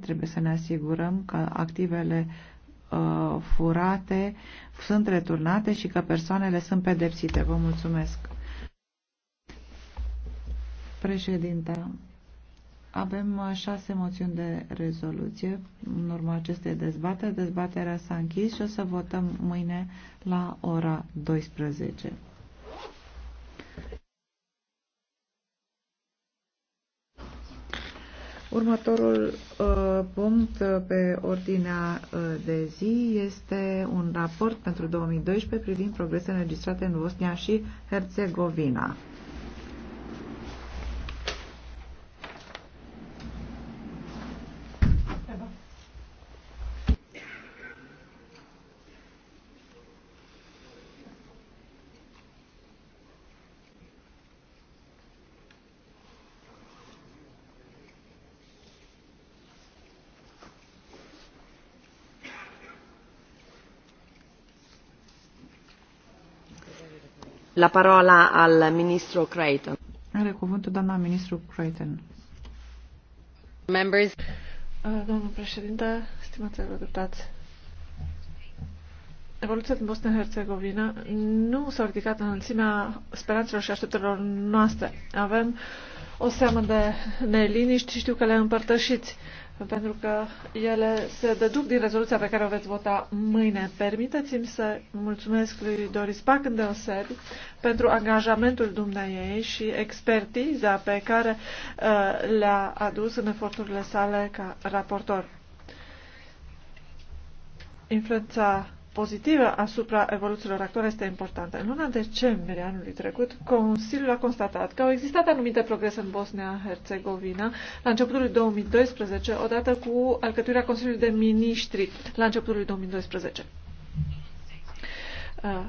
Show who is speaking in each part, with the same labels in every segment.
Speaker 1: trebuie să ne asigurăm că activele uh, furate sunt returnate și că persoanele sunt pedepsite. Vă mulțumesc. Președinta, avem uh, șase moțiuni de rezoluție în urma acestei dezbateri. Dezbaterea s-a închis și o să votăm mâine la ora 12. Următorul uh, punct uh, pe ordinea uh, de zi este un raport pentru 2012 privind progresele înregistrate în Bosnia și Herțegovina.
Speaker 2: la parola al ministru Creighton.
Speaker 1: Are cuvântul doamna ministru Creighton.
Speaker 3: Members. Uh, domnul președinte, stimați eurodeputați, Evoluția din Bosnia-Herzegovina nu s-a ridicat în înălțimea speranțelor și așteptărilor noastre. Avem o seamă de neliniști și știu că le împărtășiți pentru că ele se deduc din rezoluția pe care o veți vota mâine. Permiteți-mi să mulțumesc lui Doris Pac îndeosebi pentru angajamentul dumneiei și expertiza pe care uh, le-a adus în eforturile sale ca raportor. Influența pozitivă asupra evoluțiilor actuale este importantă. În luna decembrie anului trecut, Consiliul a constatat că au existat anumite progrese în Bosnia-Herzegovina la începutul lui 2012, odată cu alcătuirea Consiliului de Ministri la începutul lui 2012. Uh,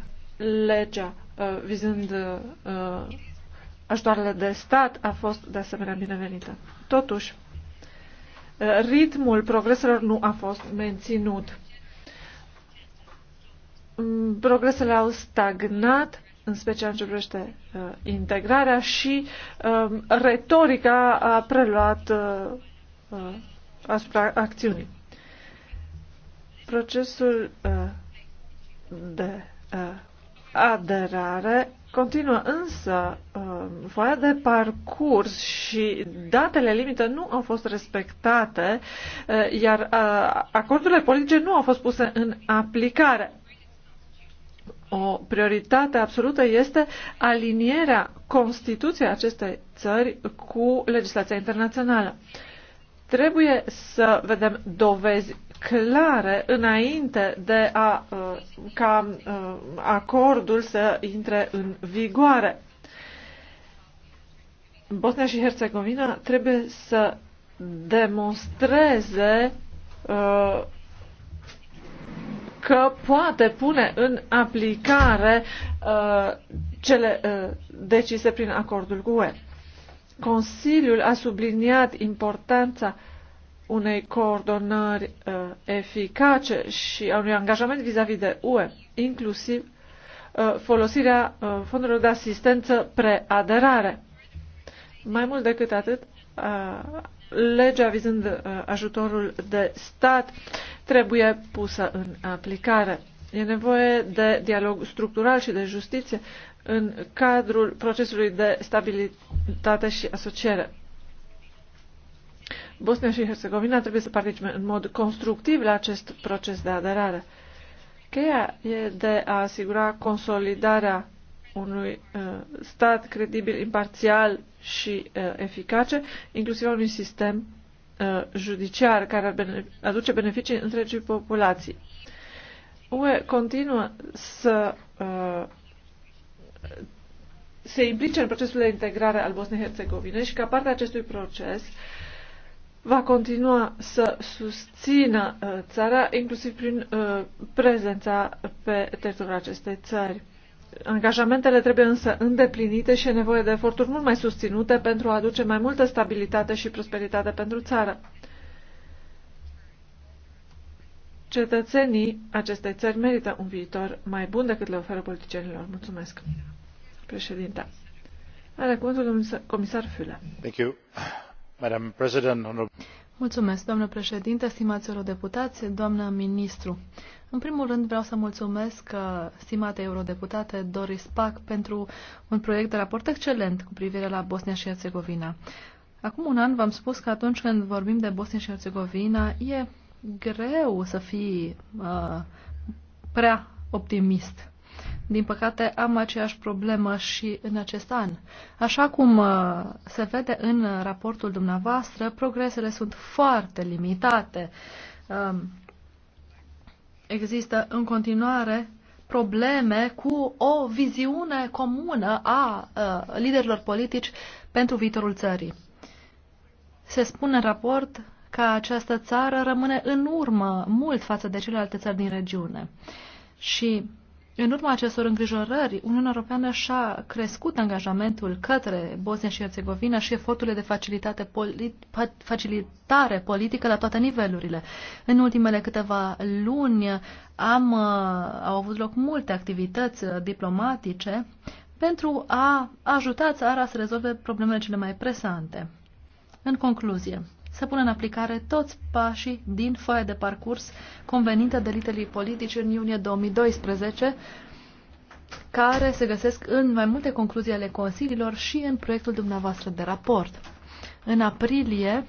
Speaker 3: legea uh, vizând uh, ajutoarele de stat a fost de asemenea binevenită. Totuși, ritmul progreselor nu a fost menținut progresele au stagnat, în special în ce privește uh, integrarea și uh, retorica a preluat uh, uh, asupra acțiunii. Procesul uh, de uh, aderare continuă, însă uh, foaia de parcurs și datele limită nu au fost respectate, uh, iar uh, acordurile politice nu au fost puse în aplicare o prioritate absolută este alinierea Constituției acestei țări cu legislația internațională. Trebuie să vedem dovezi clare înainte de a, uh, ca uh, acordul să intre în vigoare. Bosnia și Herțegovina trebuie să demonstreze uh, că poate pune în aplicare uh, cele uh, decise prin acordul cu UE. Consiliul a subliniat importanța unei coordonări uh, eficace și a unui angajament vis-a-vis -vis de UE, inclusiv uh, folosirea uh, fondurilor de asistență preaderare. Mai mult decât atât, uh, legea vizând uh, ajutorul de stat trebuie pusă în aplicare. E nevoie de dialog structural și de justiție în cadrul procesului de stabilitate și asociere. Bosnia și Herțegovina trebuie să participe în mod constructiv la acest proces de aderare. Cheia e de a asigura consolidarea unui uh, stat credibil, imparțial și uh, eficace, inclusiv al unui sistem uh, judiciar care ar aduce beneficii întregii populații. UE continuă să se implice în procesul de integrare al bosnei herzegovinei și ca parte a acestui proces va continua să susțină țara, inclusiv prin prezența pe teritoriul acestei țări. Angajamentele trebuie însă îndeplinite și e nevoie de eforturi mult mai susținute pentru a aduce mai multă stabilitate și prosperitate pentru țară. Cetățenii acestei țări merită un viitor mai bun decât le oferă politicienilor. Mulțumesc. Președinte. Are cuvântul
Speaker 4: comisar Füle.
Speaker 5: Thank you. Madam President, honorable...
Speaker 4: Mulțumesc, doamnă președinte, stimați eurodeputați, doamnă ministru. În primul rând vreau să mulțumesc uh, stimate eurodeputate Doris Pac pentru un proiect de raport excelent cu privire la Bosnia și Herțegovina. Acum un an v-am spus că atunci când vorbim de Bosnia și Herțegovina e greu să fii uh, prea optimist din păcate, am aceeași problemă și în acest an. Așa cum uh, se vede în raportul dumneavoastră, progresele sunt foarte limitate. Um, există în continuare probleme cu o viziune comună a uh, liderilor politici pentru viitorul țării. Se spune în raport că această țară rămâne în urmă mult față de celelalte țări din regiune. Și în urma acestor îngrijorări, Uniunea Europeană și-a crescut angajamentul către Bosnia și Herțegovina și eforturile de facilitate polit, facilitare politică la toate nivelurile. În ultimele câteva luni am, uh, au avut loc multe activități uh, diplomatice pentru a ajuta țara să rezolve problemele cele mai presante. În concluzie, să pună în aplicare toți pașii din foaia de parcurs convenită de liderii politici în iunie 2012, care se găsesc în mai multe concluzii ale consiliilor și în proiectul dumneavoastră de raport. În aprilie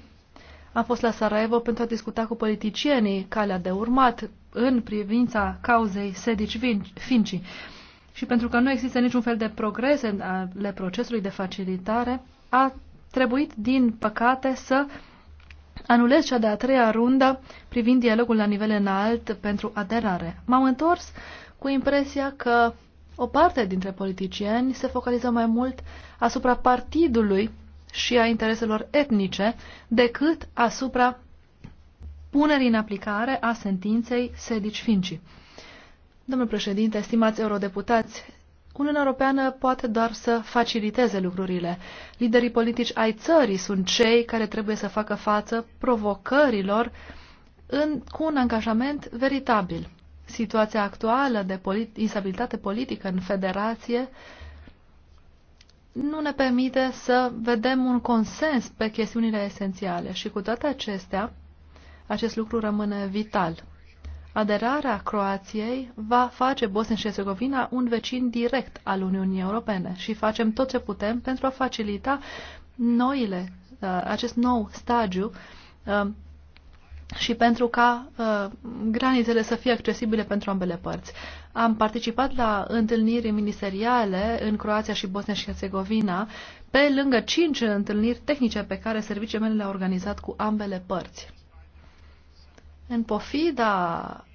Speaker 4: am fost la Sarajevo pentru a discuta cu politicienii calea de urmat în privința cauzei Sedici Finci. Și pentru că nu există niciun fel de progrese ale procesului de facilitare, a trebuit, din păcate, să anulez cea de-a treia rundă privind dialogul la nivel înalt pentru aderare. M-am întors cu impresia că o parte dintre politicieni se focalizează mai mult asupra partidului și a intereselor etnice decât asupra punerii în aplicare a sentinței Sedici Finci. Domnul președinte, stimați eurodeputați, Uniunea Europeană poate doar să faciliteze lucrurile. Liderii politici ai țării sunt cei care trebuie să facă față provocărilor în, cu un angajament veritabil. Situația actuală de polit, instabilitate politică în federație nu ne permite să vedem un consens pe chestiunile esențiale și cu toate acestea, acest lucru rămâne vital. Aderarea Croației va face Bosnia și Herzegovina un vecin direct al Uniunii Europene și facem tot ce putem pentru a facilita noile, uh, acest nou stagiu uh, și pentru ca uh, granițele să fie accesibile pentru ambele părți. Am participat la întâlniri ministeriale în Croația și Bosnia și Herțegovina, pe lângă cinci întâlniri tehnice pe care serviciile mele le-au organizat cu ambele părți. În pofida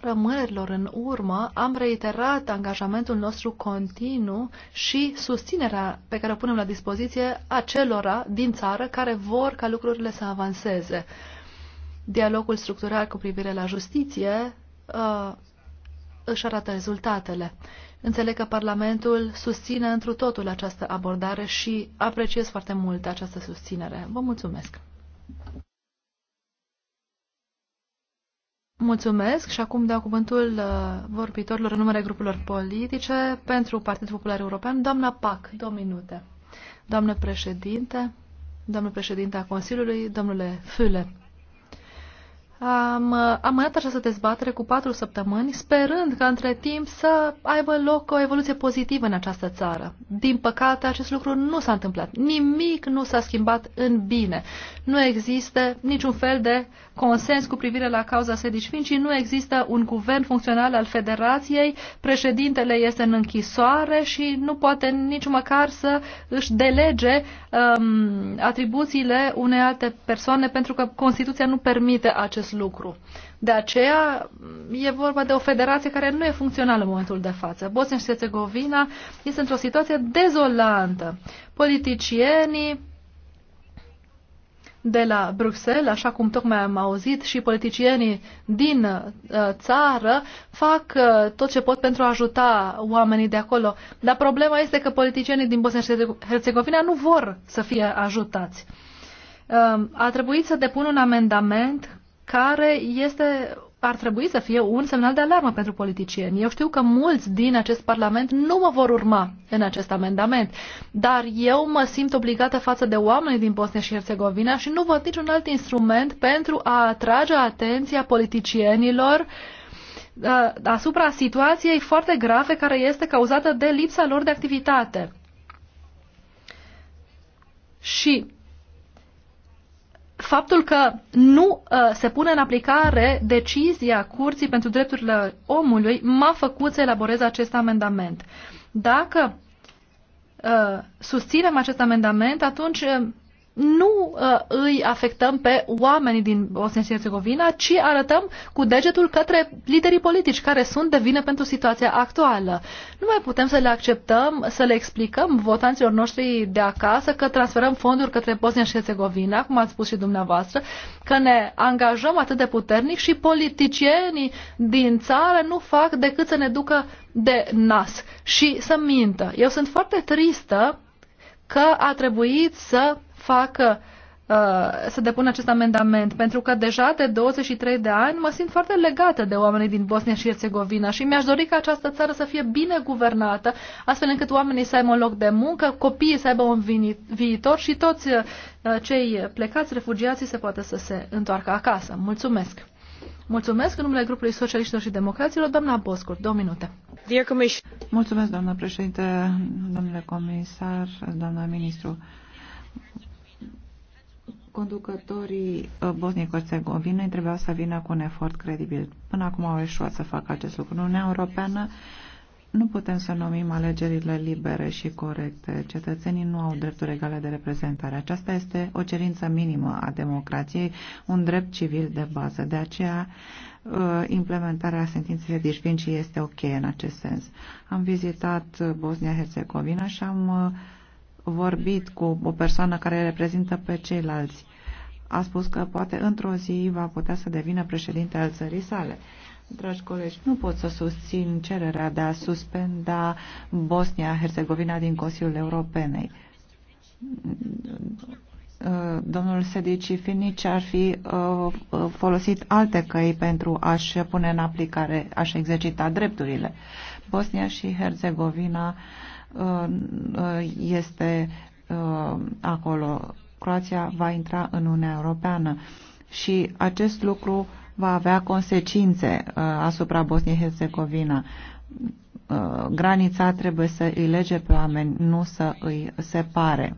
Speaker 4: rămânerilor în urmă, am reiterat angajamentul nostru continuu și susținerea pe care o punem la dispoziție acelora din țară care vor ca lucrurile să avanseze. Dialogul structural cu privire la justiție uh, își arată rezultatele. Înțeleg că Parlamentul susține întru totul această abordare și apreciez foarte mult această susținere. Vă mulțumesc! Mulțumesc și acum dau cuvântul uh, vorbitorilor în numele grupurilor politice pentru Partidul Popular European. Doamna Pac, două minute. Doamnă președinte, doamnă președinte a Consiliului, domnule Füle. Am uh, am amânat această dezbatere cu patru săptămâni, sperând că între timp să aibă loc o evoluție pozitivă în această țară. Din păcate, acest lucru nu s-a întâmplat. Nimic nu s-a schimbat în bine. Nu există niciun fel de consens cu privire la cauza Sedici Fincii, nu există un guvern funcțional al Federației, președintele este în închisoare și nu poate nici măcar să își delege um, atribuțiile unei alte persoane pentru că Constituția nu permite acest lucru. De aceea e vorba de o federație care nu e funcțională în momentul de față. Bosnia și Herzegovina este într-o situație dezolantă. Politicienii de la Bruxelles, așa cum tocmai am auzit, și politicienii din uh, țară fac uh, tot ce pot pentru a ajuta oamenii de acolo. Dar problema este că politicienii din Bosnia și Herzegovina nu vor să fie ajutați. Uh, a trebuit să depun un amendament care este, ar trebui să fie un semnal de alarmă pentru politicieni. Eu știu că mulți din acest Parlament nu mă vor urma în acest amendament, dar eu mă simt obligată față de oamenii din Bosnia și Herțegovina și nu văd niciun alt instrument pentru a atrage atenția politicienilor uh, asupra situației foarte grave care este cauzată de lipsa lor de activitate. Și faptul că nu uh, se pune în aplicare decizia Curții pentru Drepturile Omului m-a făcut să elaborez acest amendament. Dacă uh, susținem acest amendament, atunci uh, nu uh, îi afectăm pe oamenii din Bosnia și Herțegovina, ci arătăm cu degetul către liderii politici care sunt de vină pentru situația actuală. Nu mai putem să le acceptăm, să le explicăm votanților noștri de acasă că transferăm fonduri către Bosnia și Herțegovina, cum ați spus și dumneavoastră, că ne angajăm atât de puternic și politicienii din țară nu fac decât să ne ducă de nas și să mintă. Eu sunt foarte tristă că a trebuit să facă uh, să depun acest amendament, pentru că deja de 23 de ani mă simt foarte legată de oamenii din Bosnia și Herțegovina și mi-aș dori ca această țară să fie bine guvernată, astfel încât oamenii să aibă un loc de muncă, copiii să aibă un viitor și toți uh, cei plecați, refugiații, să poată să se întoarcă acasă. Mulțumesc! Mulțumesc în numele grupului socialiștilor și democraților, doamna Boscur, două minute.
Speaker 1: Mulțumesc, doamna președinte, domnule comisar, doamna ministru.
Speaker 4: Conducătorii
Speaker 1: uh, bosniei herțegovinei trebuiau să vină cu un efort credibil. Până acum au eșuat să facă acest lucru. În Uniunea Europeană nu putem să numim alegerile libere și corecte. Cetățenii nu au drepturi egale de reprezentare. Aceasta este o cerință minimă a democrației, un drept civil de bază. De aceea, uh, implementarea sentinței de Dișvinci este ok în acest sens. Am vizitat uh, Bosnia-Herzegovina și am vorbit cu o persoană care reprezintă pe ceilalți. A spus că poate într-o zi va putea să devină președinte al țării sale. Dragi colegi, nu pot să susțin cererea de a suspenda Bosnia-Herzegovina din Consiliul Europenei. Domnul Sedici Finici ar fi uh, folosit alte căi pentru a-și pune în aplicare, a-și exercita drepturile. Bosnia și Herzegovina uh, Uh, uh, este uh, acolo. Croația va intra în Uniunea Europeană și acest lucru va avea consecințe asupra Bosniei-Herzegovina. Granița trebuie să îi lege pe oameni, nu să îi separe.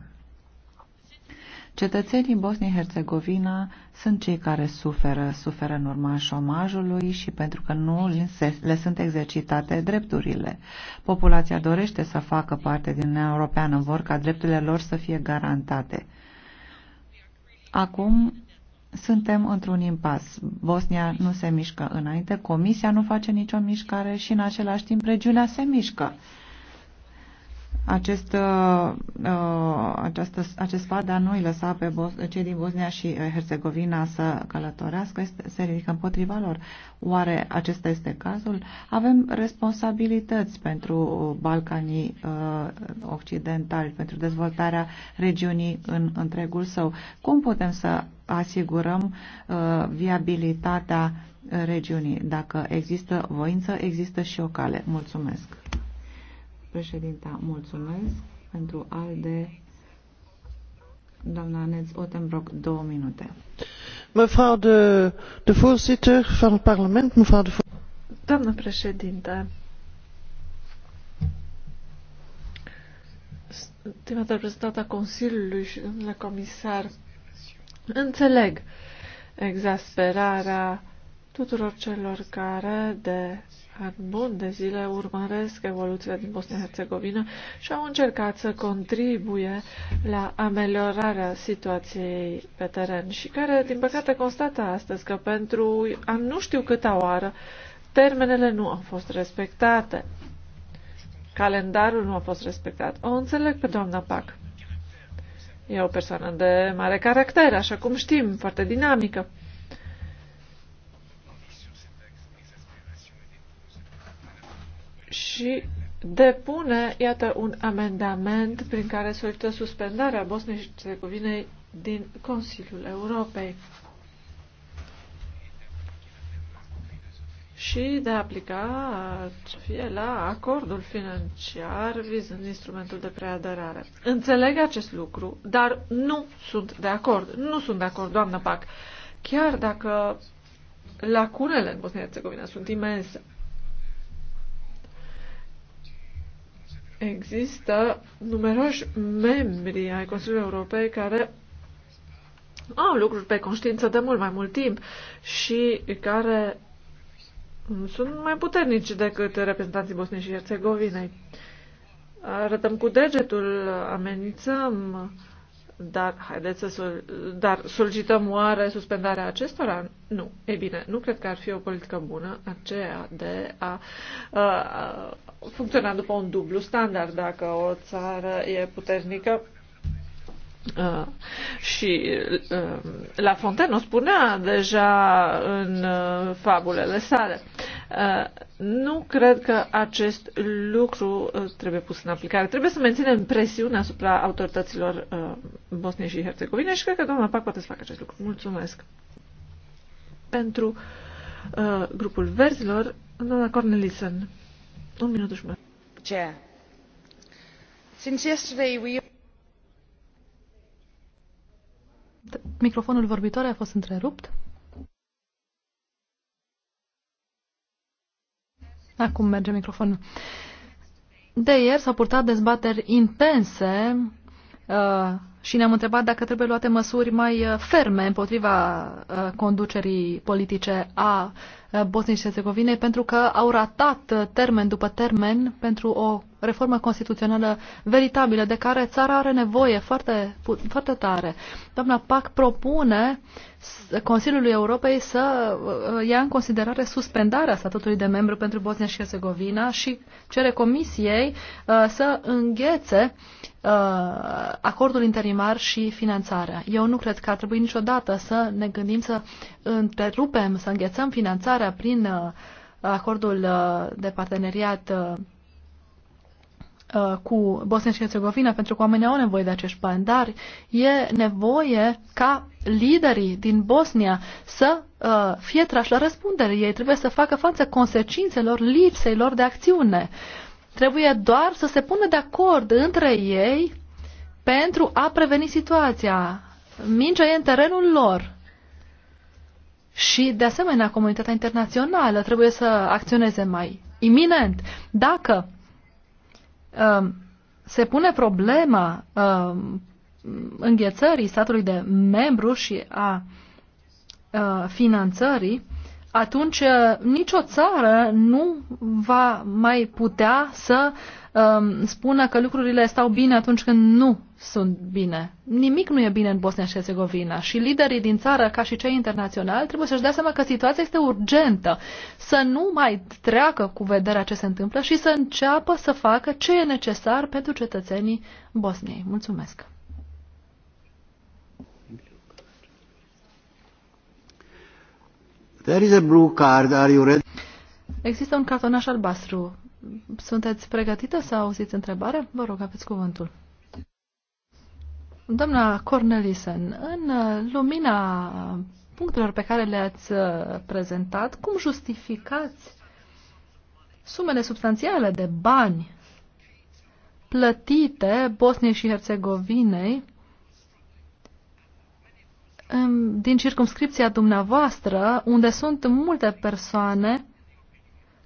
Speaker 1: Cetățenii Bosnii-Herzegovina sunt cei care suferă, suferă în urma șomajului și pentru că nu le sunt exercitate drepturile. Populația dorește să facă parte din Uniunea Europeană, vor ca drepturile lor să fie garantate. Acum suntem într-un impas. Bosnia nu se mișcă înainte, Comisia nu face nicio mișcare și în același timp regiunea se mișcă. Acest, uh, uh, această, acest fapt de a nu-i lăsa pe Bos- cei din Bosnia și uh, Herzegovina să călătorească este, se ridică împotriva lor. Oare acesta este cazul? Avem responsabilități pentru Balcanii uh, Occidentali, pentru dezvoltarea regiunii în întregul său. Cum putem să asigurăm uh, viabilitatea regiunii? Dacă există voință, există și o cale. Mulțumesc! Președinta, mulțumesc pentru ALDE. Doamna Neț Otenbrock, două minute.
Speaker 3: Mevrouw de, de voorzitter van het parlement, mevrouw de Doamnă președinte, stimată reprezentată a Consiliului și domnule comisar, înțeleg exasperarea tuturor celor care de an bun de zile urmăresc evoluția din Bosnia-Herzegovina și au încercat să contribuie la ameliorarea situației pe teren și care, din păcate, constată astăzi că pentru a nu știu câta oară termenele nu au fost respectate. Calendarul nu a fost respectat. O înțeleg pe doamna Pac. E o persoană de mare caracter, așa cum știm, foarte dinamică. și depune, iată, un amendament prin care solicită suspendarea Bosniei și Herțegovinei din Consiliul Europei și de a aplica fie la acordul financiar vizând instrumentul de preaderare. Înțeleg acest lucru, dar nu sunt de acord. Nu sunt de acord, doamnă Pac. Chiar dacă lacunele în Bosnia-Herzegovina sunt imense, Există numeroși membri ai Consiliului Europei care au lucruri pe conștiință de mult mai mult timp și care sunt mai puternici decât reprezentanții Bosniei și Herțegovinei. Arătăm cu degetul, amenințăm dar, haideți să sol- dar solicităm oare suspendarea acestora? Nu. E bine, nu cred că ar fi o politică bună aceea de a, a, a funcționa după un dublu standard. Dacă o țară e puternică, Uh, și uh, La Fontaine o spunea deja în uh, fabulele sale. Uh, Uh, nu cred că acest lucru uh, trebuie pus în aplicare. Trebuie să menținem presiunea asupra autorităților uh, Bosniei și Herțegovine și cred că doamna Pac poate să facă acest lucru. Mulțumesc. Pentru grupul verzilor, doamna Cornelisen.
Speaker 4: Un minut și
Speaker 1: Ce? Since yesterday we...
Speaker 4: Microfonul vorbitoare a fost întrerupt. Acum merge microfonul. De ieri s-au purtat dezbateri intense uh, și ne-am întrebat dacă trebuie luate măsuri mai uh, ferme împotriva uh, conducerii politice a uh, Bosniei și Herzegovinei pentru că au ratat uh, termen după termen pentru o reformă constituțională veritabilă de care țara are nevoie foarte, foarte tare. Doamna Pac propune Consiliului Europei să uh, ia în considerare suspendarea statutului de membru pentru Bosnia și Herzegovina și cere Comisiei uh, să înghețe uh, acordul interimar și finanțarea. Eu nu cred că ar trebui niciodată să ne gândim să întrerupem, să înghețăm finanțarea prin acordul de parteneriat Uh, cu Bosnia și Herzegovina pentru că oamenii au nevoie de acești bani, dar e nevoie ca liderii din Bosnia să uh, fie trași la răspundere. Ei trebuie să facă față consecințelor lipsei lor de acțiune. Trebuie doar să se pună de acord între ei pentru a preveni situația. Mingea e în terenul lor. Și, de asemenea, comunitatea internațională trebuie să acționeze mai iminent. Dacă Um, se pune problema um, înghețării statului de membru și a uh, finanțării, atunci uh, nicio țară nu va mai putea să um, spună că lucrurile stau bine atunci când nu sunt bine. Nimic nu e bine în Bosnia și Herțegovina și liderii din țară, ca și cei internaționali, trebuie să-și dea seama că situația este urgentă, să nu mai treacă cu vederea ce se întâmplă și să înceapă să facă ce e necesar pentru cetățenii Bosniei. Mulțumesc!
Speaker 6: There is a blue card. Are you ready?
Speaker 4: Există un cartonaș albastru. Sunteți pregătită să auziți întrebarea? Vă rog, aveți cuvântul. Doamna Cornelisen, în uh, lumina punctelor pe care le-ați uh, prezentat, cum justificați sumele substanțiale de bani plătite Bosniei și Herțegovinei um, din circumscripția dumneavoastră, unde sunt multe persoane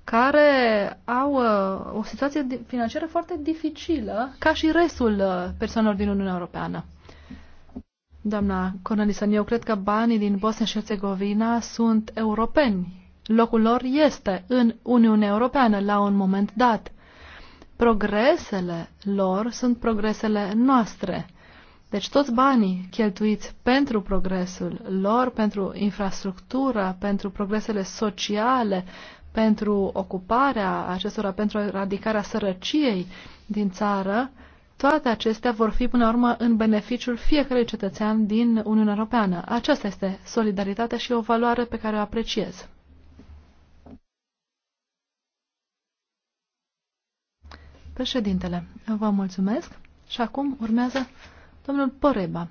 Speaker 4: care au uh, o situație financiară foarte dificilă, ca și restul uh, persoanelor din Uniunea Europeană. Doamna Cornelison, eu cred că banii din Bosnia și Herțegovina sunt europeni. Locul lor este în Uniunea Europeană la un moment dat. Progresele lor sunt progresele noastre. Deci toți banii cheltuiți pentru progresul lor, pentru infrastructura, pentru progresele sociale, pentru ocuparea acestora, pentru eradicarea sărăciei din țară, toate acestea vor fi până la urmă în beneficiul fiecărui cetățean din Uniunea Europeană. Aceasta este solidaritatea și o valoare pe care o apreciez. Președintele, vă mulțumesc și acum urmează domnul Poreba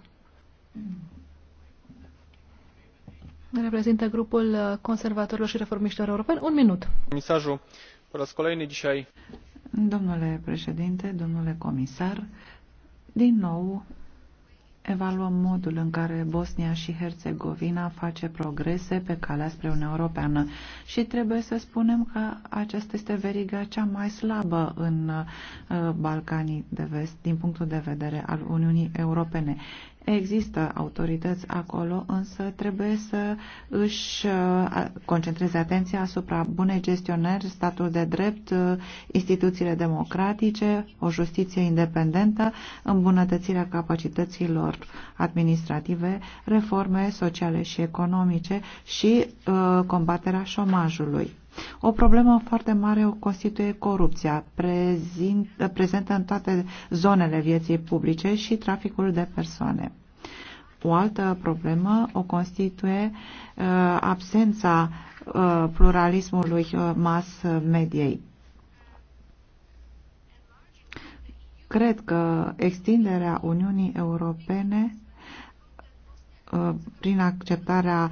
Speaker 4: reprezintă grupul uh, conservatorilor și reformiștilor europeni. Un minut. Misajul Domnule președinte, domnule comisar,
Speaker 1: din nou evaluăm modul în care Bosnia și Herțegovina face progrese pe calea spre Uniunea Europeană și trebuie să spunem că aceasta este veriga cea mai slabă în uh, Balcanii de vest din punctul de vedere al Uniunii Europene. Există autorități acolo, însă trebuie să își uh, concentreze atenția asupra bunei gestionări, statul de drept, uh, instituțiile democratice, o justiție independentă, îmbunătățirea capacităților administrative, reforme sociale și economice și uh, combaterea șomajului. O problemă foarte mare o constituie corupția, prezint, prezentă în toate zonele vieții publice și traficul de persoane. O altă problemă o constituie uh, absența uh, pluralismului uh, mass mediei. Cred că extinderea Uniunii Europene uh, prin acceptarea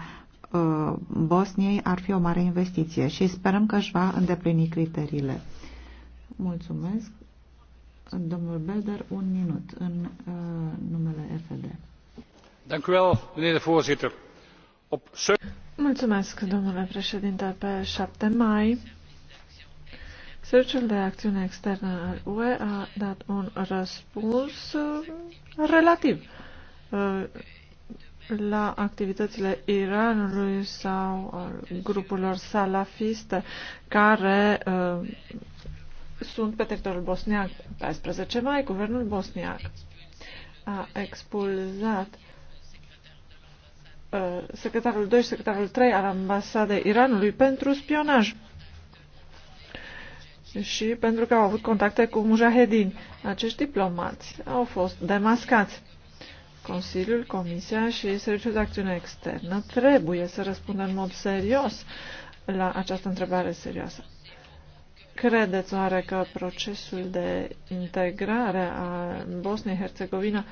Speaker 1: Uh, Bosniei ar fi o mare investiție și sperăm că își va îndeplini criteriile. Mulțumesc. Domnul Belder, un minut în uh, numele FD.
Speaker 3: Mulțumesc, domnule președinte. Pe 7 mai, Serviciul de Acțiune Externă al UE a dat un răspuns uh, relativ uh, la activitățile Iranului sau al grupurilor salafiste care uh, sunt pe teritoriul bosniac. 14 mai, guvernul bosniac a expulzat uh, secretarul 2 și secretarul 3 al ambasadei Iranului pentru spionaj și pentru că au avut contacte cu mujahedini. Acești diplomați au fost demascați. Consiliul, Comisia și Serviciul de Acțiune Externă trebuie să răspundă în mod serios la această întrebare serioasă. Credeți oare că procesul de integrare a bosniei herțegovina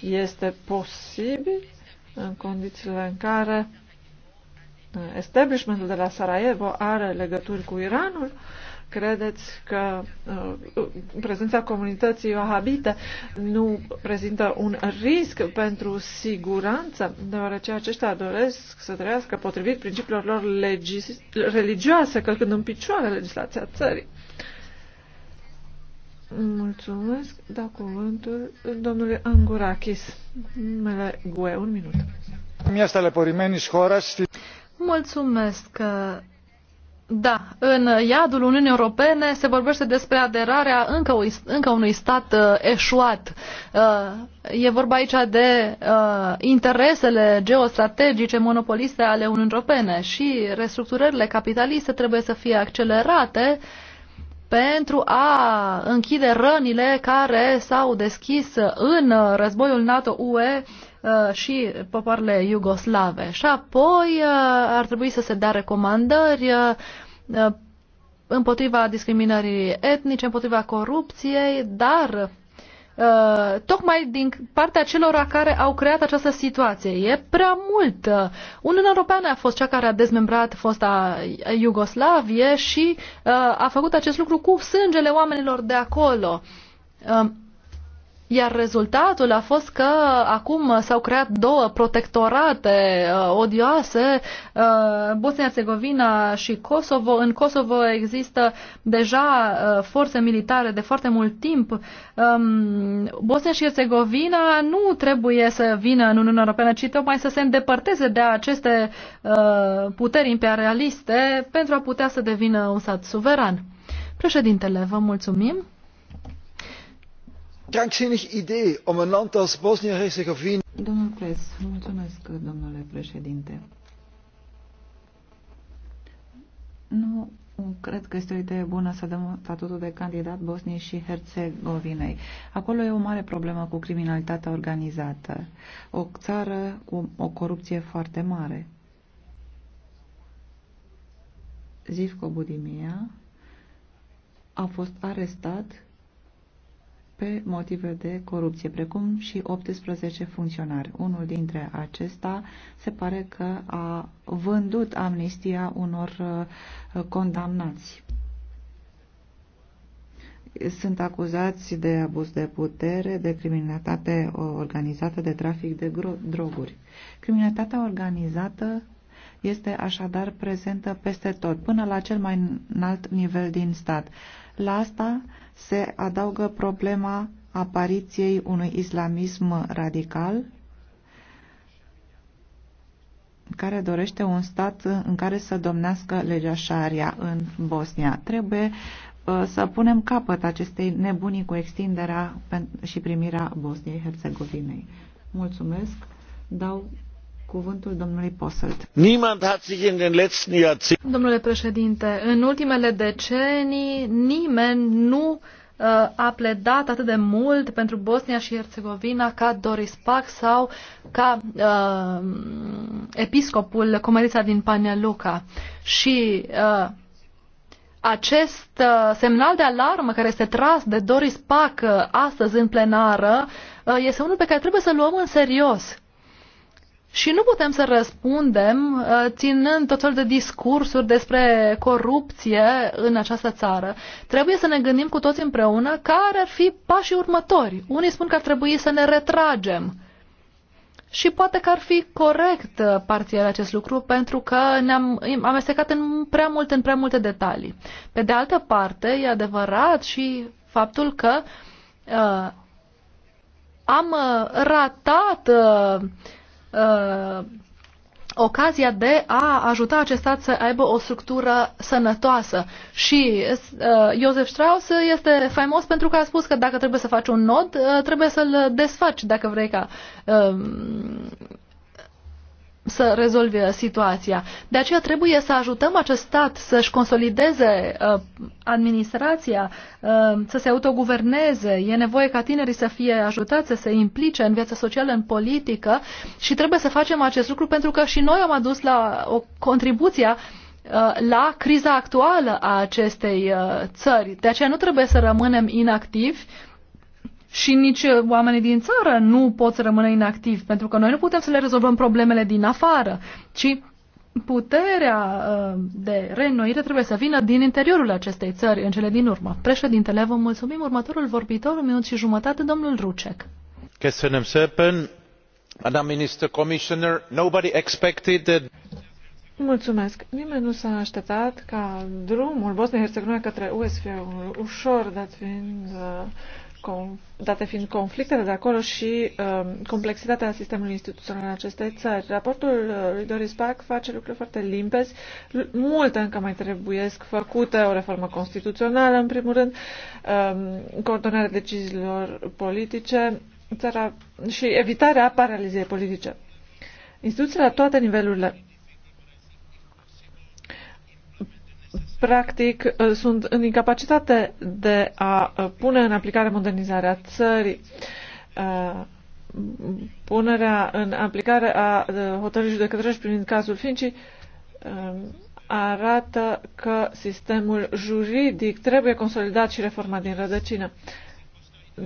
Speaker 3: este posibil în condițiile în care establishmentul de la Sarajevo are legături cu Iranul? Credeți că uh, prezența comunității wahabite nu prezintă un risc pentru siguranță, deoarece aceștia doresc să trăiască potrivit principiilor lor legis- religioase, călcând în picioare legislația țării? Mulțumesc. Da cuvântul domnului
Speaker 4: Angurakis. Mele GUE, un minut. Mulțumesc. Da, în iadul Uniunii Europene se vorbește despre aderarea încă, o, încă unui stat uh, eșuat. Uh, e vorba aici de uh, interesele geostrategice monopoliste ale Uniunii Europene și restructurările capitaliste trebuie să fie accelerate pentru a închide rănile care s-au deschis în uh, războiul NATO-UE uh, Uh, și popoarele iugoslave. Și apoi uh, ar trebui să se dea recomandări uh, împotriva discriminării etnice, împotriva corupției, dar tocmai din partea celor care au creat această situație. E prea mult. Uniunea Europeană a fost cea care a dezmembrat fosta Iugoslavie și a făcut acest lucru cu sângele oamenilor de acolo. Iar rezultatul a fost că acum s-au creat două protectorate uh, odioase, uh, Bosnia-Herzegovina și Kosovo. În Kosovo există deja uh, forțe militare de foarte mult timp. Um, Bosnia și Herzegovina nu trebuie să vină în Uniunea Europeană, ci tocmai să se îndepărteze de aceste uh, puteri imperialiste pentru a putea să devină un stat suveran. Președintele, vă mulțumim
Speaker 7: krankzinnig idee om een land als Bosnia Herzegovina.
Speaker 4: Domnul Cres, mulțumesc, domnule președinte.
Speaker 1: Nu cred că este o idee bună să dăm statutul de candidat Bosniei și Herțegovinei. Acolo e o mare problemă cu criminalitatea organizată. O țară cu o corupție foarte mare. Zivko Budimia a fost arestat pe motive de corupție, precum și 18 funcționari. Unul dintre acesta se pare că a vândut amnistia unor uh, condamnați. Sunt acuzați de abuz de putere, de criminalitate uh, organizată, de trafic de droguri. Criminalitatea organizată este așadar prezentă peste tot, până la cel mai înalt nivel din stat. La asta se adaugă problema apariției unui islamism radical care dorește un stat în care să domnească legea șaria în Bosnia. Trebuie uh, să punem capăt acestei nebunii cu extinderea și primirea Bosniei-Herzegovinei.
Speaker 4: Mulțumesc. Dau cuvântul domnului Posselt. Domnule președinte, în ultimele decenii nimeni nu uh, a pledat atât de mult pentru Bosnia și Herțegovina ca Doris Pac sau ca uh, episcopul Comărița din Paneluca. Și uh, acest uh, semnal de alarmă care este tras de Doris Pac uh, astăzi în plenară uh, este unul pe care trebuie să-l luăm în serios. Și nu putem să răspundem uh, ținând tot felul de discursuri despre corupție în această țară. Trebuie să ne gândim cu toți împreună care ar fi pașii următori. Unii spun că ar trebui să ne retragem. Și poate că ar fi corect uh, parțial acest lucru pentru că ne-am amestecat în prea mult în prea multe detalii. Pe de altă parte, e adevărat și faptul că uh, am uh, ratat uh, uh, ocazia de a ajuta acest stat să aibă o structură sănătoasă. Și uh, Joseph Strauss este faimos pentru că a spus că dacă trebuie să faci un nod, uh, trebuie să-l desfaci dacă vrei ca uh, să rezolve uh, situația. De aceea trebuie să ajutăm acest stat să-și consolideze uh, administrația, uh, să se autoguverneze. E nevoie ca tinerii să fie ajutați, să se implice în viața socială, în politică și trebuie să facem acest lucru pentru că și noi am adus la o contribuție uh, la criza actuală a acestei uh, țări. De aceea nu trebuie să rămânem inactivi, și nici uh, oamenii din țară nu pot să rămână inactivi, pentru că noi nu putem să le rezolvăm problemele din afară, ci puterea uh, de reînnoire trebuie să vină din interiorul acestei țări în cele din urmă. Președintele, vă mulțumim. Următorul vorbitor, un minut și jumătate, domnul Rucek.
Speaker 3: Mulțumesc. Nimeni nu s-a așteptat ca drumul bosnia herzegovina către UE să fie ușor, dat fiind uh, date fiind conflictele de acolo și uh, complexitatea sistemului instituțional în aceste țări. Raportul uh, lui Doris Pack face lucruri foarte limpezi. Multe încă mai trebuiesc făcute, o reformă constituțională, în primul rând, uh, coordonarea deciziilor politice țara, și evitarea paralizei politice. Instituțiile la toate nivelurile practic uh, sunt în incapacitate de a uh, pune în aplicare modernizarea țării. Uh, punerea în aplicare a hotărârii judecătorești privind cazul Finci, um, arată că sistemul juridic trebuie consolidat și reformat din rădăcină.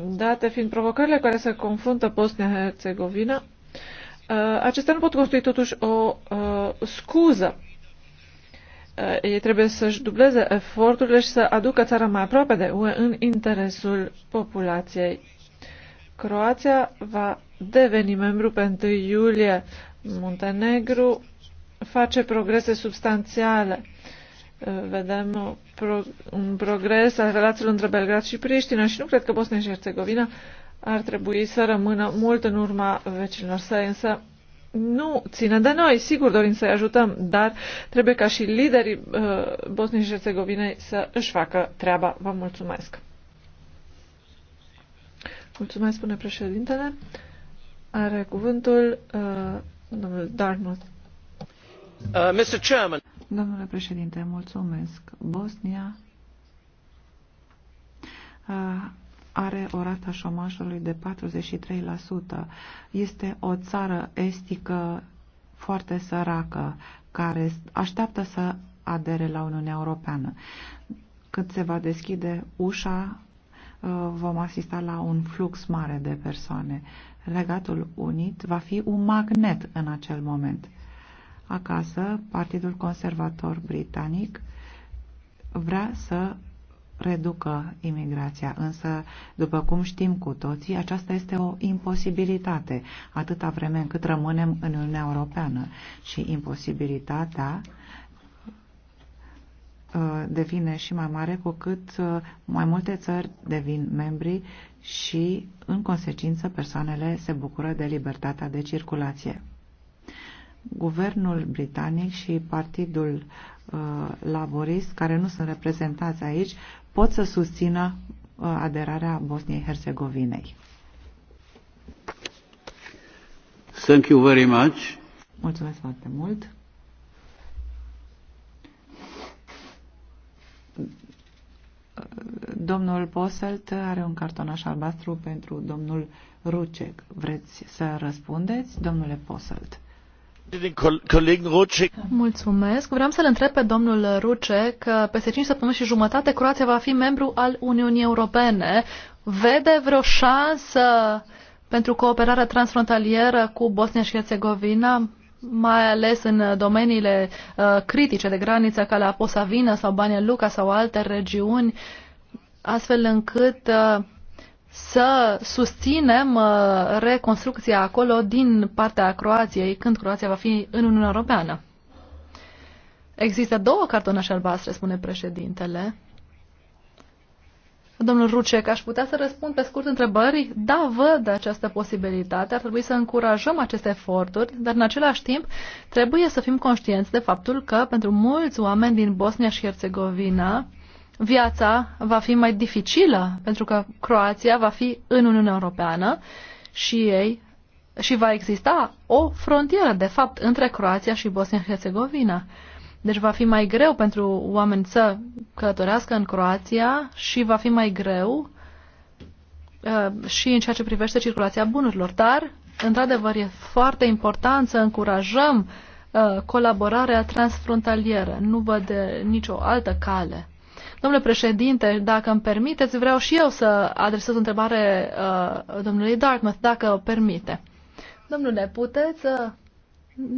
Speaker 3: Date fiind provocările care se confruntă Bosnia-Herzegovina, acestea nu pot constitui totuși o scuză Eh, ei trebuie să-și dubleze eforturile și să aducă țara mai aproape de UE în interesul populației. Croația va deveni membru pe 1 iulie. Muntenegru face progrese substanțiale. Eh, vedem un progres al relațiilor între Belgrad și Priștina și nu cred că Bosnia și Herțegovina ar trebui să rămână mult în urma vecinilor săi, însă nu ține de noi. Sigur dorim să-i ajutăm, dar trebuie ca și liderii uh, Bosniei și Herțegovinei să își facă treaba. Vă mulțumesc! Mulțumesc, spune președintele. Are cuvântul uh, domnul Dartmouth.
Speaker 6: Uh, Mr. Chairman.
Speaker 1: Domnule președinte, mulțumesc. Bosnia uh, are o rată șomajului de 43%. Este o țară estică foarte săracă, care așteaptă să adere la Uniunea Europeană. Cât se va deschide ușa, uh, vom asista la un flux mare de persoane. Legatul Unit va fi un magnet în acel moment. Acasă, Partidul Conservator Britanic vrea să reducă imigrația, însă, după cum știm cu toții, aceasta este o imposibilitate, atâta vreme cât rămânem în Uniunea Europeană și imposibilitatea uh, devine și mai mare cu cât uh, mai multe țări devin membri și, în consecință, persoanele se bucură de libertatea de circulație. Guvernul britanic și Partidul uh, Laborist, care nu sunt reprezentați aici, pot să susțină uh, aderarea Bosniei-Herzegovinei.
Speaker 6: Thank you very much.
Speaker 1: Mulțumesc foarte mult. Domnul Poselt are un cartonaș albastru pentru domnul Rucec. Vreți să răspundeți, domnule Poselt?
Speaker 4: Mulțumesc. Vreau să-l întreb pe domnul Ruce că peste 5 săptămâni și jumătate Croația va fi membru al Uniunii Europene. Vede vreo șansă pentru cooperarea transfrontalieră cu Bosnia și Herțegovina, mai ales în domeniile uh, critice de graniță ca la Posavina sau Banja Luka sau alte regiuni, astfel încât uh, să susținem uh, reconstrucția acolo din partea Croației când Croația va fi în Uniunea Europeană. Există două cartonașe albastre, spune președintele. Domnul Rucec, aș putea să răspund pe scurt întrebării? Da, văd această posibilitate. Ar trebui să încurajăm aceste eforturi, dar în același timp trebuie să fim conștienți de faptul că pentru mulți oameni din Bosnia și Herțegovina viața va fi mai dificilă, pentru că Croația va fi în Uniunea Europeană și ei și va exista o frontieră, de fapt, între Croația și Bosnia-Herzegovina. Deci va fi mai greu pentru oameni să călătorească în Croația și va fi mai greu uh, și în ceea ce privește circulația bunurilor. Dar, într-adevăr, e foarte important să încurajăm uh, colaborarea transfrontalieră. Nu văd uh, nicio altă cale. Domnule președinte, dacă îmi permiteți, vreau și eu să adresez o întrebare uh, domnului Dartmouth, dacă permite. Domnule, puteți să uh,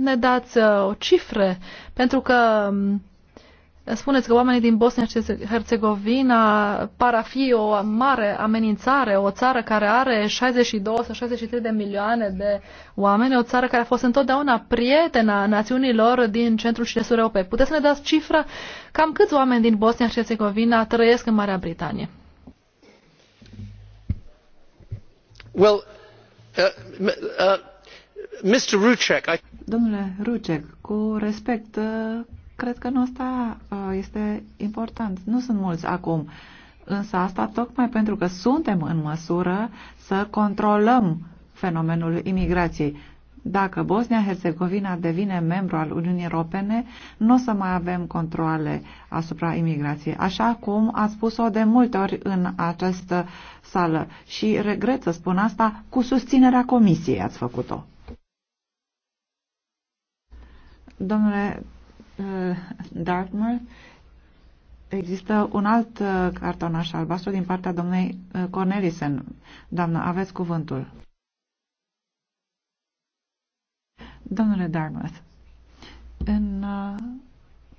Speaker 4: ne dați uh, o cifre? Pentru că um, Spuneți că oamenii din Bosnia și Herțegovina par a fi o mare amenințare, o țară care are 62 sau 63 de milioane de oameni, o țară care a fost întotdeauna prietena națiunilor din centrul și restul Europei. Puteți să ne dați cifră cam câți oameni din Bosnia și Herțegovina trăiesc în Marea Britanie?
Speaker 3: Well, uh, uh, Mr. Rucek, I...
Speaker 1: Domnule Rucek, cu respect, uh, Cred că nu asta uh, este important. Nu sunt mulți acum. Însă asta tocmai pentru că suntem în măsură să controlăm fenomenul imigrației. Dacă Bosnia-Herzegovina devine membru al Uniunii Europene, nu o să mai avem controle asupra imigrației, așa cum a spus-o de multe ori în această sală. Și regret să spun asta, cu susținerea Comisiei ați făcut-o. Domnule Eh, Dartmouth există un alt eh, cartonaș albastru din partea domnei eh, Cornelisen. Doamnă, aveți cuvântul. Domnule Dartmouth, în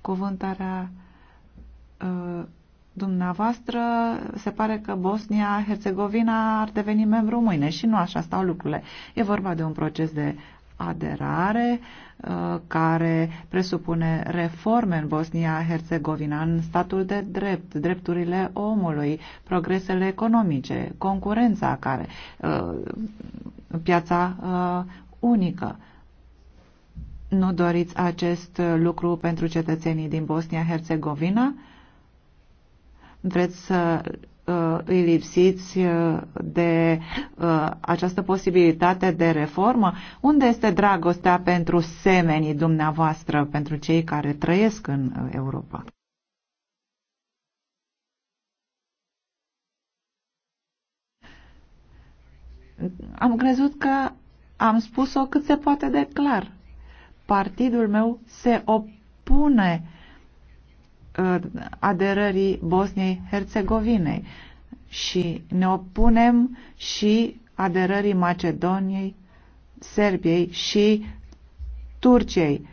Speaker 1: cuvântarea dumneavoastră, se pare că Bosnia-Herzegovina ar deveni membru mâine și nu așa stau lucrurile. E vorba de un proces de aderare uh, care presupune reforme în Bosnia-Herzegovina, în statul de drept, drepturile omului, progresele economice, concurența care, uh, piața uh, unică. Nu doriți acest lucru pentru cetățenii din Bosnia-Herzegovina? Vreți să Uh, îi lipsiți uh, de uh, această posibilitate de reformă? Unde este dragostea pentru semenii dumneavoastră, pentru cei care trăiesc în Europa? Am crezut că am spus-o cât se poate de clar. Partidul meu se opune uh, Uh, aderării Bosniei Herțegovinei și ne opunem și aderării Macedoniei, Serbiei și Turciei,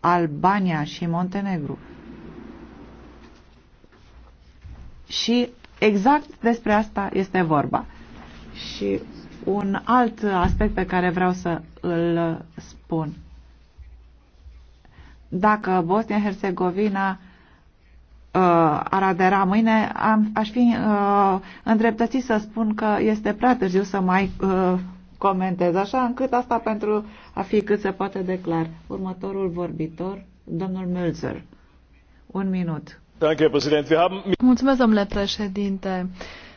Speaker 1: Albania și Montenegru. Și exact despre asta este vorba. Și un alt aspect pe care vreau să îl spun. Dacă Bosnia-Herzegovina uh, ar adera mâine, am, aș fi uh, îndreptățit să spun că este prea târziu să mai uh, comentez, așa încât asta pentru a fi cât se poate de clar. Următorul vorbitor,
Speaker 4: domnul Mülzer. Un minut. Mulțumesc, domnule președinte.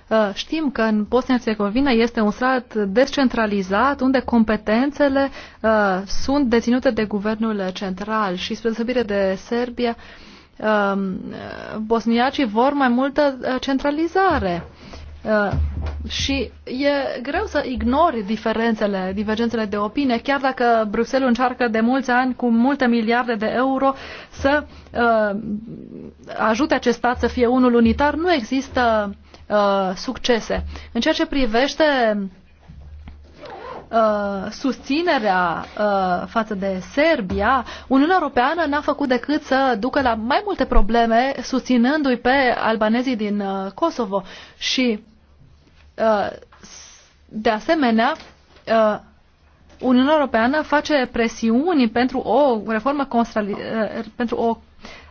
Speaker 4: Uh, știm că în Bosnia-Herzegovina este un stat descentralizat unde competențele uh, sunt deținute de guvernul central și spre deosebire de Serbia uh, Um, bosniacii vor mai multă uh, centralizare. Uh, și e greu să ignori diferențele, divergențele de opinie, chiar dacă Bruxelles încearcă de mulți ani cu multe miliarde de euro să uh, ajute acest stat să fie unul unitar, nu există uh, succese. În ceea ce privește uh, Uh, susținerea uh, față de Serbia, Uniunea Europeană n-a făcut decât să ducă la mai multe probleme susținându-i pe albanezii din uh, Kosovo. Și, uh, de asemenea, uh, Uniunea Europeană face presiuni pentru o reformă uh, pentru o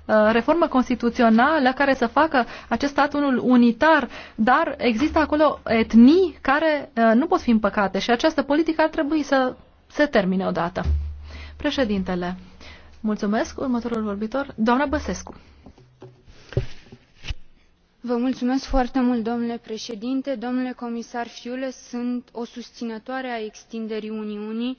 Speaker 4: Uh, reformă constituțională care să facă acest stat unul unitar, dar există acolo etnii care uh, nu pot fi împăcate și această politică ar trebui să se termine odată. Președintele, mulțumesc. Următorul vorbitor, doamna Băsescu. Vă mulțumesc
Speaker 7: foarte mult, domnule președinte, domnule comisar Fiule, sunt o susținătoare a extinderii Uniunii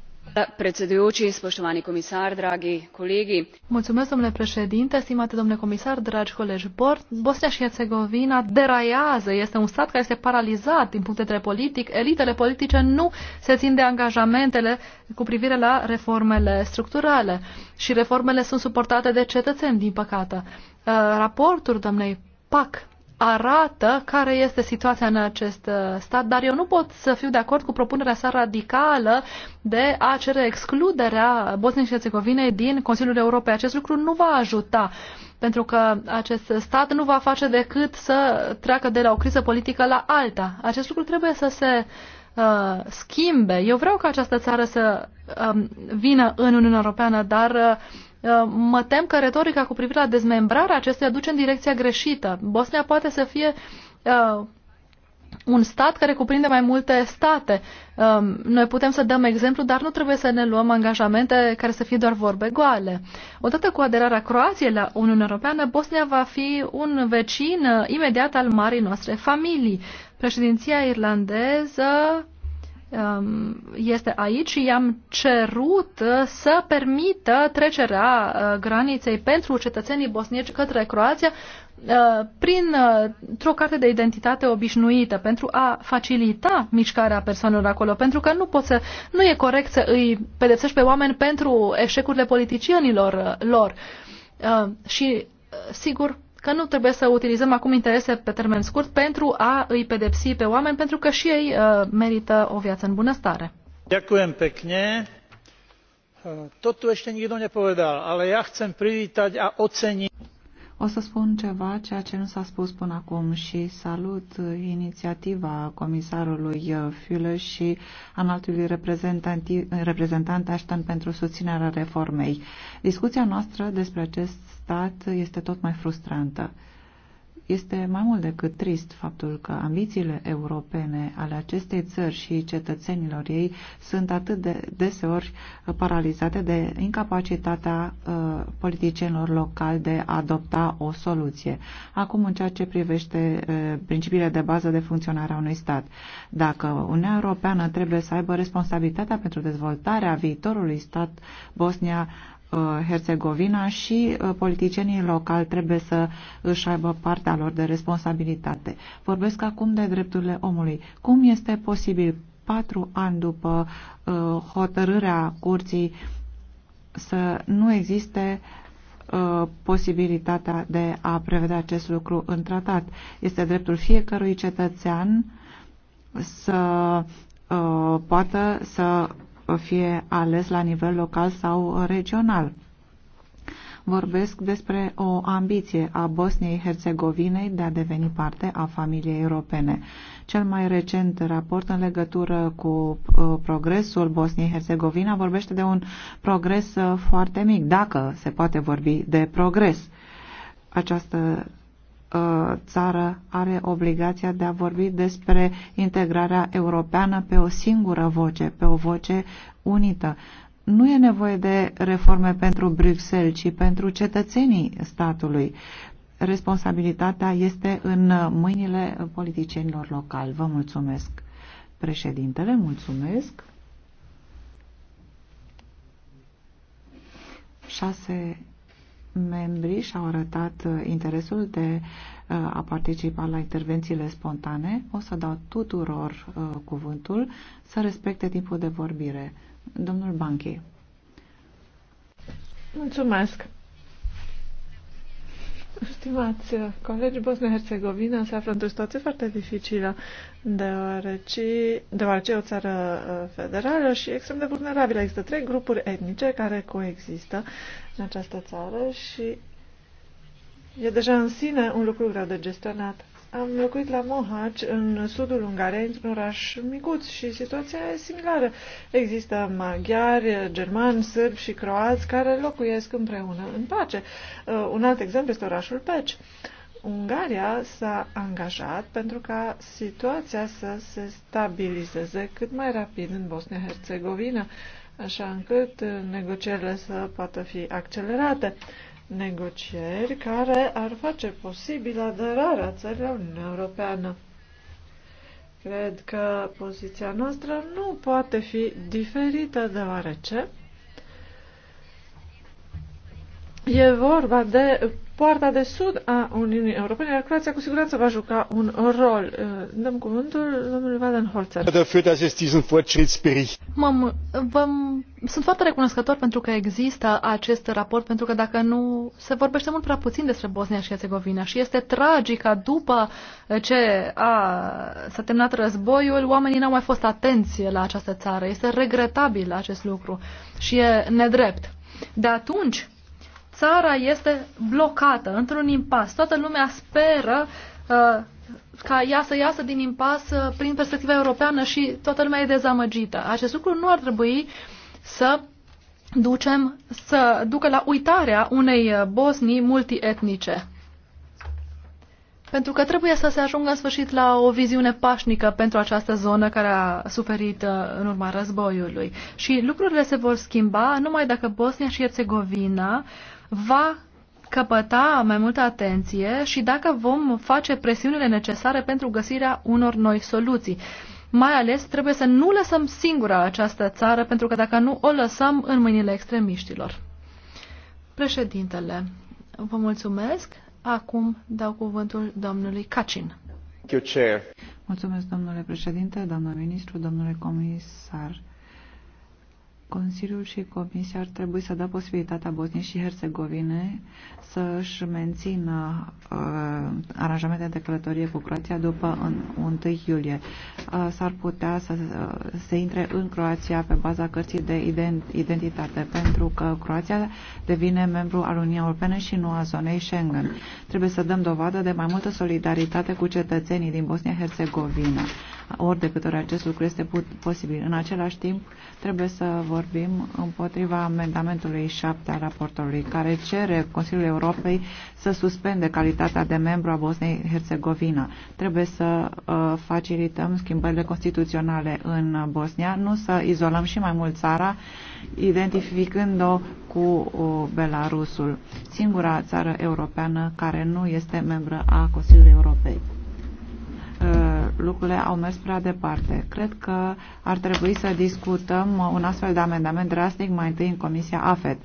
Speaker 3: da,
Speaker 4: domnule președinte, stimate domnule comisar, dragi colegi. Bosnia și Herțegovina deraiază, este un stat care este paralizat din punct de vedere politic. Elitele politice nu se țin de angajamentele cu privire la reformele structurale și reformele sunt suportate de cetățeni, din păcate. Uh, raportul doamnei Pack arată care este situația în acest uh, stat, dar eu nu pot să fiu de acord cu propunerea sa radicală de a cere excluderea Bosniei și Herzegovinei din Consiliul Europei. Acest lucru nu va ajuta pentru că acest stat nu va face decât să treacă de la o criză politică la alta. Acest lucru trebuie să se uh, schimbe. Eu vreau ca această țară să uh, vină în Uniunea Europeană, dar uh, Uh, mă tem că retorica cu privire la dezmembrarea acesteia duce în direcția greșită. Bosnia poate să fie uh, un stat care cuprinde mai multe state. Uh, noi putem să dăm exemplu, dar nu trebuie să ne luăm angajamente care să fie doar vorbe goale. Odată cu aderarea Croației la Uniunea Europeană, Bosnia va fi un vecin imediat al marii noastre familii. Președinția irlandeză Um, este aici și i-am cerut uh, să permită trecerea uh, graniței pentru cetățenii bosnieci către Croația uh, prin o carte de identitate obișnuită pentru a facilita mișcarea persoanelor acolo, pentru că nu poți să, nu e corect să îi pedepsești pe oameni pentru eșecurile politicienilor lor. Și, sigur, că nu trebuie să utilizăm acum interese pe termen scurt pentru a îi pedepsi pe oameni, pentru că și ei uh, merită o viață în
Speaker 6: bunăstare. Ďakujem pekne. Toto uh, ešte nikto nepovedal, ale ja chcem privítať a oceniť
Speaker 1: o să spun ceva, ceea ce nu s-a spus până acum și salut inițiativa comisarului Fiule și înaltului reprezentant Ashton pentru susținerea reformei. Discuția noastră despre acest stat este tot mai frustrantă. Este mai mult decât trist faptul că ambițiile europene ale acestei țări și cetățenilor ei sunt atât de deseori paralizate de incapacitatea uh, politicienilor locali de a adopta o soluție. Acum, în ceea ce privește uh, principiile de bază de funcționare a unui stat, dacă Uniunea Europeană trebuie să aibă responsabilitatea pentru dezvoltarea viitorului stat Bosnia Herțegovina și uh, politicienii locali trebuie să își aibă partea lor de responsabilitate. Vorbesc acum de drepturile omului. Cum este posibil patru ani după uh, hotărârea curții să nu existe uh, posibilitatea de a prevedea acest lucru în tratat. Este dreptul fiecărui cetățean să poată să fie ales la nivel local sau regional. Vorbesc despre o ambiție a Bosniei Herțegovinei de a deveni parte a familiei europene. Cel mai recent raport în legătură cu uh, progresul Bosniei Herțegovina vorbește de un progres uh, foarte mic, dacă se poate vorbi de progres. Această Uh, țară are obligația de a vorbi despre integrarea europeană pe o singură voce, pe o voce unită. Nu e nevoie de reforme pentru Bruxelles, ci pentru cetățenii statului. Responsabilitatea este în mâinile politicienilor locali. Vă mulțumesc, președintele, mulțumesc. 6 membri și-au arătat uh, interesul de uh, a participa la intervențiile spontane. O să dau tuturor uh, cuvântul să respecte timpul de vorbire. Domnul Banchi. Mulțumesc.
Speaker 3: Stimați uh, colegi, Bosnia-Herzegovina se află într-o situație foarte dificilă, deoarece, deoarece e o țară uh, federală și extrem de vulnerabilă. Există trei grupuri etnice care coexistă în această țară și e deja în sine un lucru greu de gestionat. Am locuit la Mohaci, în sudul Ungariei, într-un oraș micuț și situația e similară. Există maghiari, germani, sârbi și croați care locuiesc împreună în pace. Uh, un alt exemplu este orașul Peci. Ungaria s-a angajat pentru ca situația să se stabilizeze cât mai rapid în Bosnia-Herzegovina, așa încât uh, negocierile să poată fi accelerate negocieri care ar face posibil aderarea țării la Uniunea Europeană. Cred că poziția noastră nu poate fi diferită, deoarece E vorba de poarta de sud a Uniunii Europene, iar Croația cu siguranță va
Speaker 4: juca un rol. Dăm cuvântul domnului Wadenholzer. Er mă, sunt foarte recunoscător pentru că există acest raport, pentru că dacă nu, se vorbește mult prea puțin despre Bosnia și Herzegovina și este tragic după ce a, s-a terminat războiul, oamenii n-au mai fost atenți la această țară. Este regretabil acest lucru și e nedrept. De atunci, țara este blocată, într-un impas. Toată lumea speră uh, ca ea să iasă din impas uh, prin perspectiva europeană și toată lumea e dezamăgită. Acest lucru nu ar trebui să ducem să ducă la uitarea unei uh, Bosnii multietnice. Pentru că trebuie să se ajungă în sfârșit la o viziune pașnică pentru această zonă care a suferit uh, în urma războiului. Și lucrurile se vor schimba numai dacă Bosnia și Herțegovina va căpăta mai multă atenție și dacă vom face presiunile necesare pentru găsirea unor noi soluții. Mai ales trebuie să nu lăsăm singura această țară, pentru că dacă nu, o lăsăm în mâinile extremiștilor. Președintele, vă mulțumesc. Acum dau cuvântul domnului Cacin.
Speaker 1: Mulțumesc, domnule președinte, doamna ministru, domnule comisar. Consiliul și Comisia ar trebui să dea posibilitatea Bosniei și Herzegovine să își mențină uh, aranjamente de călătorie cu Croația după în, 1 iulie. Uh, s-ar putea să uh, se intre în Croația pe baza cărții de ident- identitate, pentru că Croația devine membru al Uniunii Europene și nu a zonei Schengen. Trebuie să dăm dovadă de mai multă solidaritate cu cetățenii din Bosnia-Herzegovina ori de câte ori acest lucru este posibil. În același timp, trebuie să vorbim împotriva amendamentului 7 a raportului, care cere Consiliul Europei să suspende calitatea de membru a Bosniei-Herzegovina. Trebuie să uh, facilităm schimbările constituționale în Bosnia, nu să izolăm și mai mult țara, identificând-o cu uh, Belarusul, singura țară europeană care nu este membră a Consiliului Europei. Uh, lucrurile au mers prea departe. Cred că ar trebui să discutăm uh, un astfel de amendament drastic mai întâi în Comisia AFET.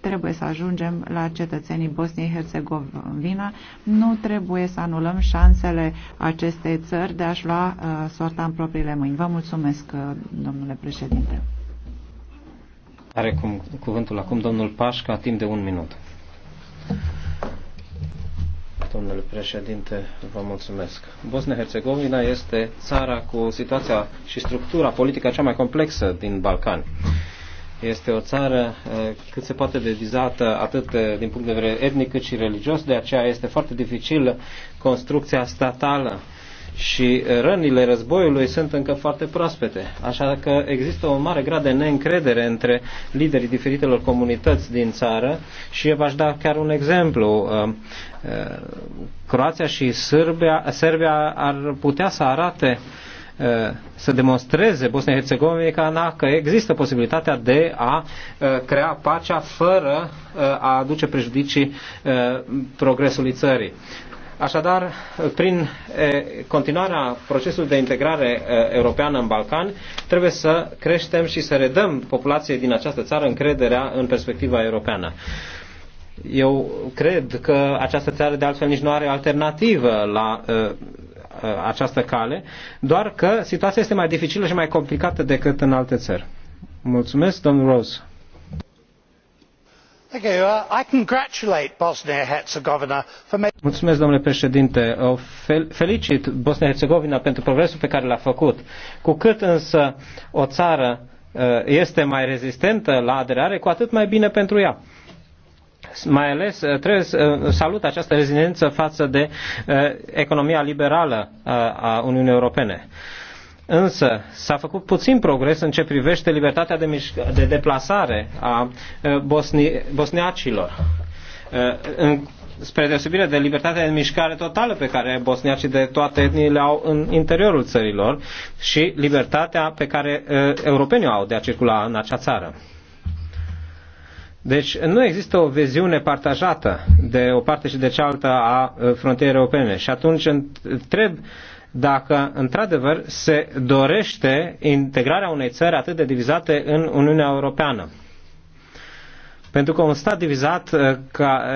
Speaker 1: Trebuie să ajungem la cetățenii Bosniei-Herzegovina. Nu trebuie să anulăm șansele acestei țări de a-și lua uh, soarta în propriile mâini. Vă mulțumesc, domnule președinte.
Speaker 6: Are cum, cuvântul acum domnul Pașca, timp de un minut domnule președinte, vă mulțumesc. Bosnia-Herzegovina este țara cu situația și structura politică cea mai complexă din Balcani. Este o țară eh, cât se poate de vizată atât eh, din punct de vedere etnic cât și religios, de aceea este foarte dificil construcția statală și eh, rănile războiului sunt încă foarte proaspete. Așa că există un mare grad de neîncredere între liderii diferitelor comunități din țară și eu v-aș da chiar un exemplu. Eh, eh, Croația și Serbia, Serbia ar putea să arate să demonstreze Bosnia-Herzegovina că există posibilitatea de a crea pacea fără a aduce prejudicii progresului țării. Așadar, prin continuarea procesului de integrare europeană în Balcan, trebuie să creștem și să redăm populației din această țară încrederea în perspectiva europeană. Eu cred că această țară de altfel nici nu are alternativă la uh, această cale, doar că situația este mai dificilă și mai complicată decât în alte țări. Mulțumesc, domnul Rose. Uh, domnule președinte. O felicit bosnia herțegovina pentru progresul pe care l-a făcut. Cu cât însă o țară uh, este mai rezistentă la aderare, cu atât mai bine pentru ea mai ales uh, trebuie să salut această rezistență față de economia liberală a Uniunii Europene. Însă s-a făcut puțin progres în ce privește libertatea de, de deplasare a bosni- bosniacilor. În, spre deosebire de libertatea de mișcare totală pe care bosniacii de toate etniile au în interiorul țărilor și libertatea pe care europenii au de a circula în acea țară. Deci nu există o viziune partajată de o parte și de cealaltă a frontierei europene și atunci întreb uh, dacă într-adevăr se dorește integrarea unei țări atât de divizate în Uniunea Europeană. Pentru că un stat divizat uh,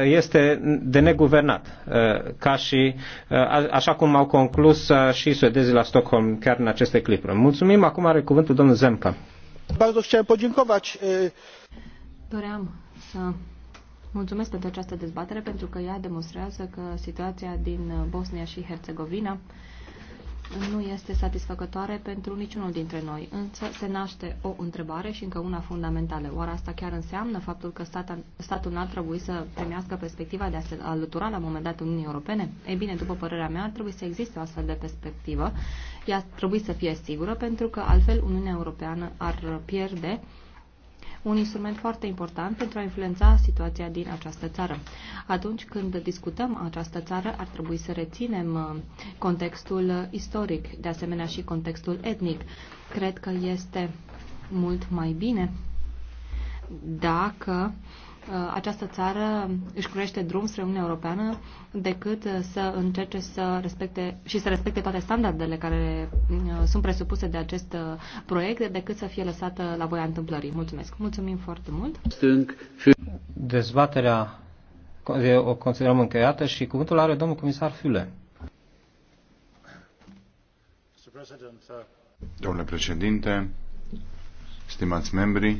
Speaker 6: este de neguvernat, uh, ca și, uh, așa cum au conclus și suedezii la Stockholm chiar în aceste clipuri. Mulțumim, acum are cuvântul domnul Zemca. Doream să
Speaker 2: mulțumesc pentru această dezbatere, pentru că ea demonstrează că situația din Bosnia și Herțegovina nu este satisfăcătoare pentru niciunul dintre noi, însă se naște o întrebare și încă una fundamentală. Oare asta chiar înseamnă faptul că statul n-ar trebui să primească perspectiva de a se alătura la un moment dat Uniunii Europene? Ei bine, după părerea mea, ar trebui să existe o astfel de perspectivă. Ea trebuie să fie sigură, pentru că altfel Uniunea Europeană ar pierde uh, un instrument foarte important pentru a influența situația din această țară. Atunci când discutăm această țară, ar trebui să reținem uh, contextul istoric, de asemenea și contextul etnic. Cred că este mult mai bine dacă uh, Uh, această țară își crește drum spre Uniunea Europeană decât uh, să încerce să respecte și să respecte toate standardele care uh, sunt presupuse de acest proiect decât să fie lăsată la voia întâmplării. Mulțumesc. Mulțumim foarte mult.
Speaker 6: Dezbaterea o considerăm încheiată și cuvântul are domnul comisar Füle.
Speaker 5: Domnule președinte, stimați membri,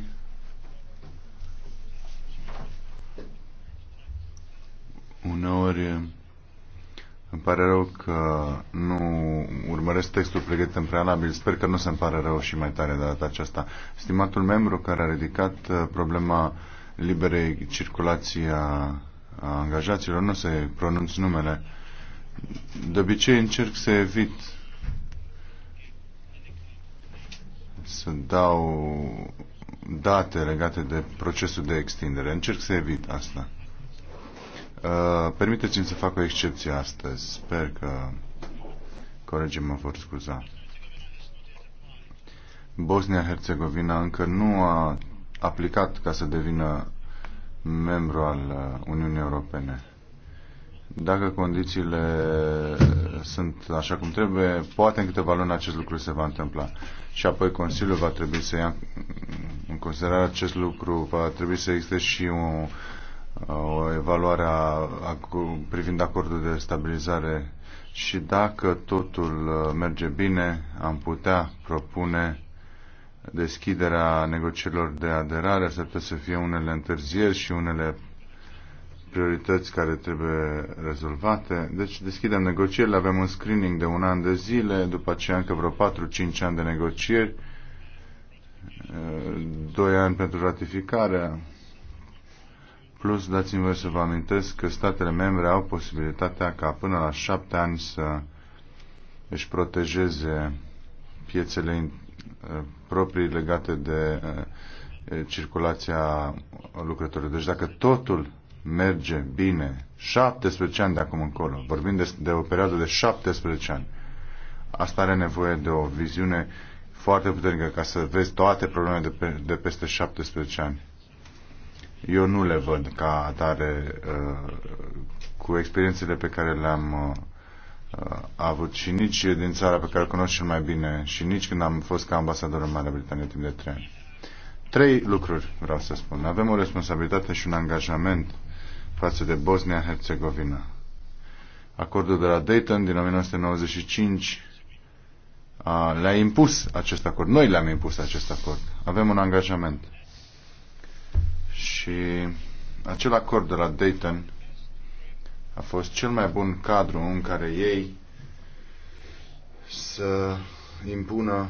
Speaker 5: Uneori îmi pare rău că nu urmăresc textul pregătit în prealabil. Sper că nu se îmi pare rău și mai tare de data aceasta. Stimatul membru care a ridicat uh, problema liberei circulații a, a angajaților, nu se pronunț numele, de obicei încerc să evit să dau date legate de procesul de extindere. Încerc să evit asta. Uh, permiteți-mi să fac o excepție astăzi. Sper că colegii mă vor scuza. Bosnia-Herzegovina încă nu a aplicat ca să devină membru al uh, Uniunii Europene. Dacă condițiile sunt așa cum trebuie, poate în câteva luni acest lucru se va întâmpla. Și apoi Consiliul va trebui să ia în considerare acest lucru, va trebui să existe și un o evaluare a, privind acordul de stabilizare și dacă totul uh, merge bine, am putea propune deschiderea negocierilor de aderare. Ar putea să fie unele întârzieri și unele priorități care trebuie rezolvate. Deci deschidem negocierile, avem un screening de un an de zile, după aceea încă vreo 4-5 ani de negocieri, 2 uh, ani pentru ratificare. Plus, dați-mi voi să vă amintesc că statele membre au posibilitatea ca până la șapte ani să își protejeze piețele uh, proprii legate de uh, uh, circulația lucrătorilor. Deci dacă totul merge bine, 17 ani de acum încolo, vorbim de, de o perioadă de 17 ani, asta are nevoie de o viziune foarte puternică ca să vezi toate problemele de, pe, de peste 17 ani eu nu le văd ca atare uh, cu experiențele pe care le-am uh, uh, avut și nici din țara pe care o cunosc cel mai bine și nici când am fost ca ambasador în Marea Britanie timp de trei ani. Trei lucruri vreau să spun. Avem o responsabilitate și un angajament față de Bosnia-Herzegovina. Acordul de la Dayton din 1995 le-a impus acest acord. Noi le-am impus acest acord. Avem un angajament. Și acel acord de la Dayton a fost cel mai bun cadru în care ei să impună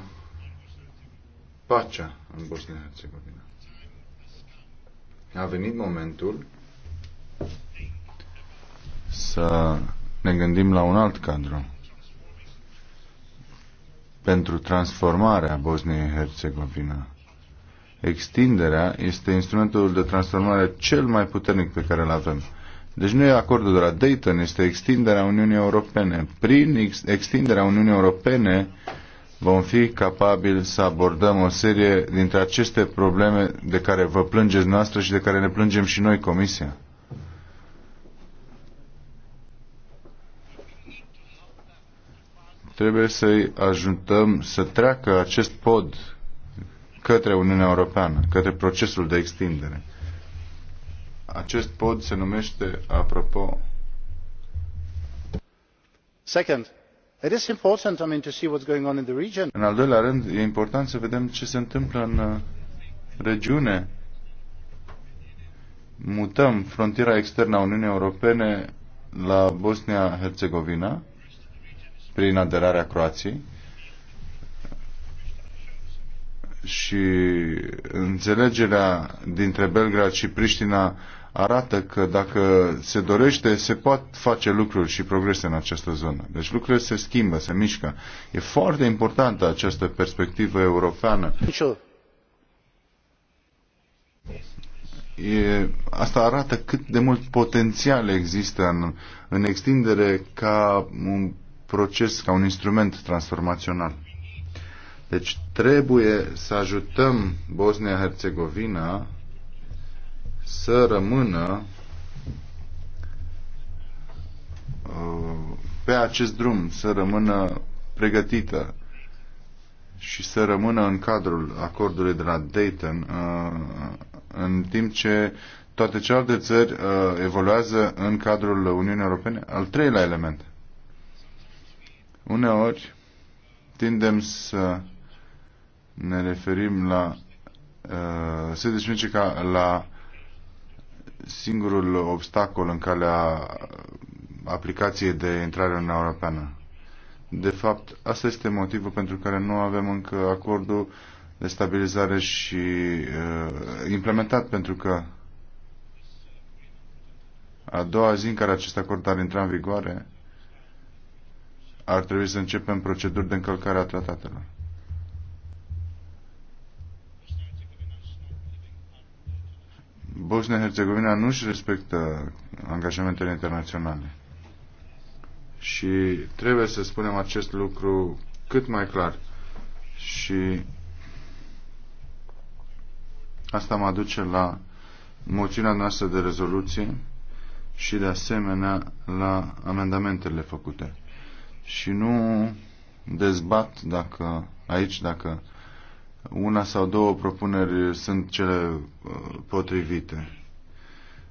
Speaker 5: pacea în Bosnia-Herzegovina. A venit momentul să ne gândim la un alt cadru pentru transformarea Bosniei-Herzegovina Extinderea este instrumentul de transformare cel mai puternic pe care îl avem. Deci nu e acordul de la Dayton, este extinderea Uniunii Europene. Prin extinderea Uniunii Europene vom fi capabili să abordăm o serie dintre aceste probleme de care vă plângeți noastră și de care ne plângem și noi, Comisia. Trebuie să-i ajutăm să treacă acest pod către Uniunea Europeană, către procesul de extindere. Acest pod se numește, apropo, Second, it is important, I mean, to see what's going on in the region. În al doilea rând, e important să vedem ce se întâmplă în uh, regiune. Mutăm frontiera externă a Uniunii Europene la Bosnia-Herzegovina prin aderarea Croației și înțelegerea dintre Belgrad și Priștina arată că dacă se dorește, se pot face lucruri și progrese în această zonă. Deci lucrurile se schimbă, se mișcă. E foarte importantă această perspectivă europeană. E, asta arată cât de mult potențial există în, în extindere ca un proces, ca un instrument transformațional. Deci trebuie să ajutăm Bosnia-Herzegovina să rămână uh, pe acest drum, să rămână pregătită și să rămână în cadrul acordului de la Dayton, uh, în timp ce toate celelalte țări uh, evoluează în cadrul Uniunii Europene. Al treilea element. Uneori tindem să ne referim la uh, se desmice ca la singurul obstacol în calea aplicației de intrare în Europeană. De fapt, asta este motivul pentru care nu avem încă acordul de stabilizare și uh, implementat, pentru că a doua zi în care acest acord ar intra în vigoare, ar trebui să începem proceduri de încălcare a tratatelor. Bosnia-Herzegovina nu își respectă angajamentele internaționale. Și trebuie să spunem acest lucru cât mai clar. Și asta mă aduce la moțiunea noastră de rezoluție și de asemenea la amendamentele făcute. Și nu dezbat dacă aici, dacă una sau două propuneri sunt cele uh, potrivite.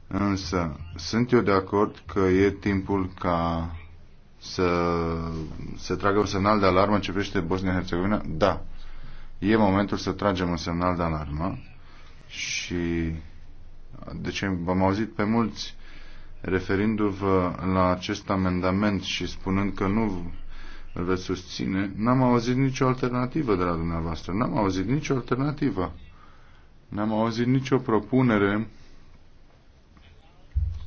Speaker 5: Însă, sunt eu de acord că e timpul ca să se tragă un semnal de alarmă ce privește Bosnia-Herzegovina? Da. E momentul să tragem un semnal de alarmă și ce v-am auzit pe mulți referindu-vă la acest amendament și spunând că nu îl veți susține. N-am auzit nicio alternativă de la dumneavoastră. N-am auzit nicio alternativă. N-am auzit nicio propunere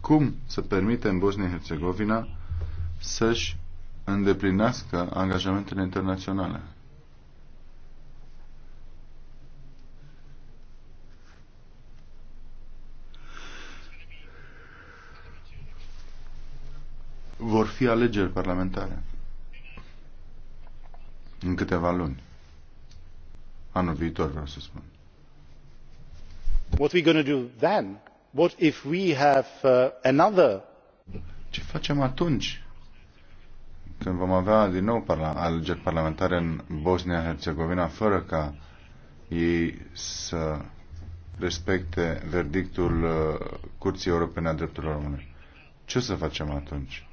Speaker 5: cum să în Bosnia-Herzegovina să-și îndeplinească angajamentele internaționale. Vor fi alegeri parlamentare. În câteva luni. Anul viitor, vreau să spun. What we going to do then? What if we have uh, another? Ce facem atunci? Când vom avea din nou parla alegeri parlamentare în Bosnia-Herzegovina, fără ca ei să respecte verdictul uh, Curții Europene a Drepturilor Române. Ce o să facem atunci?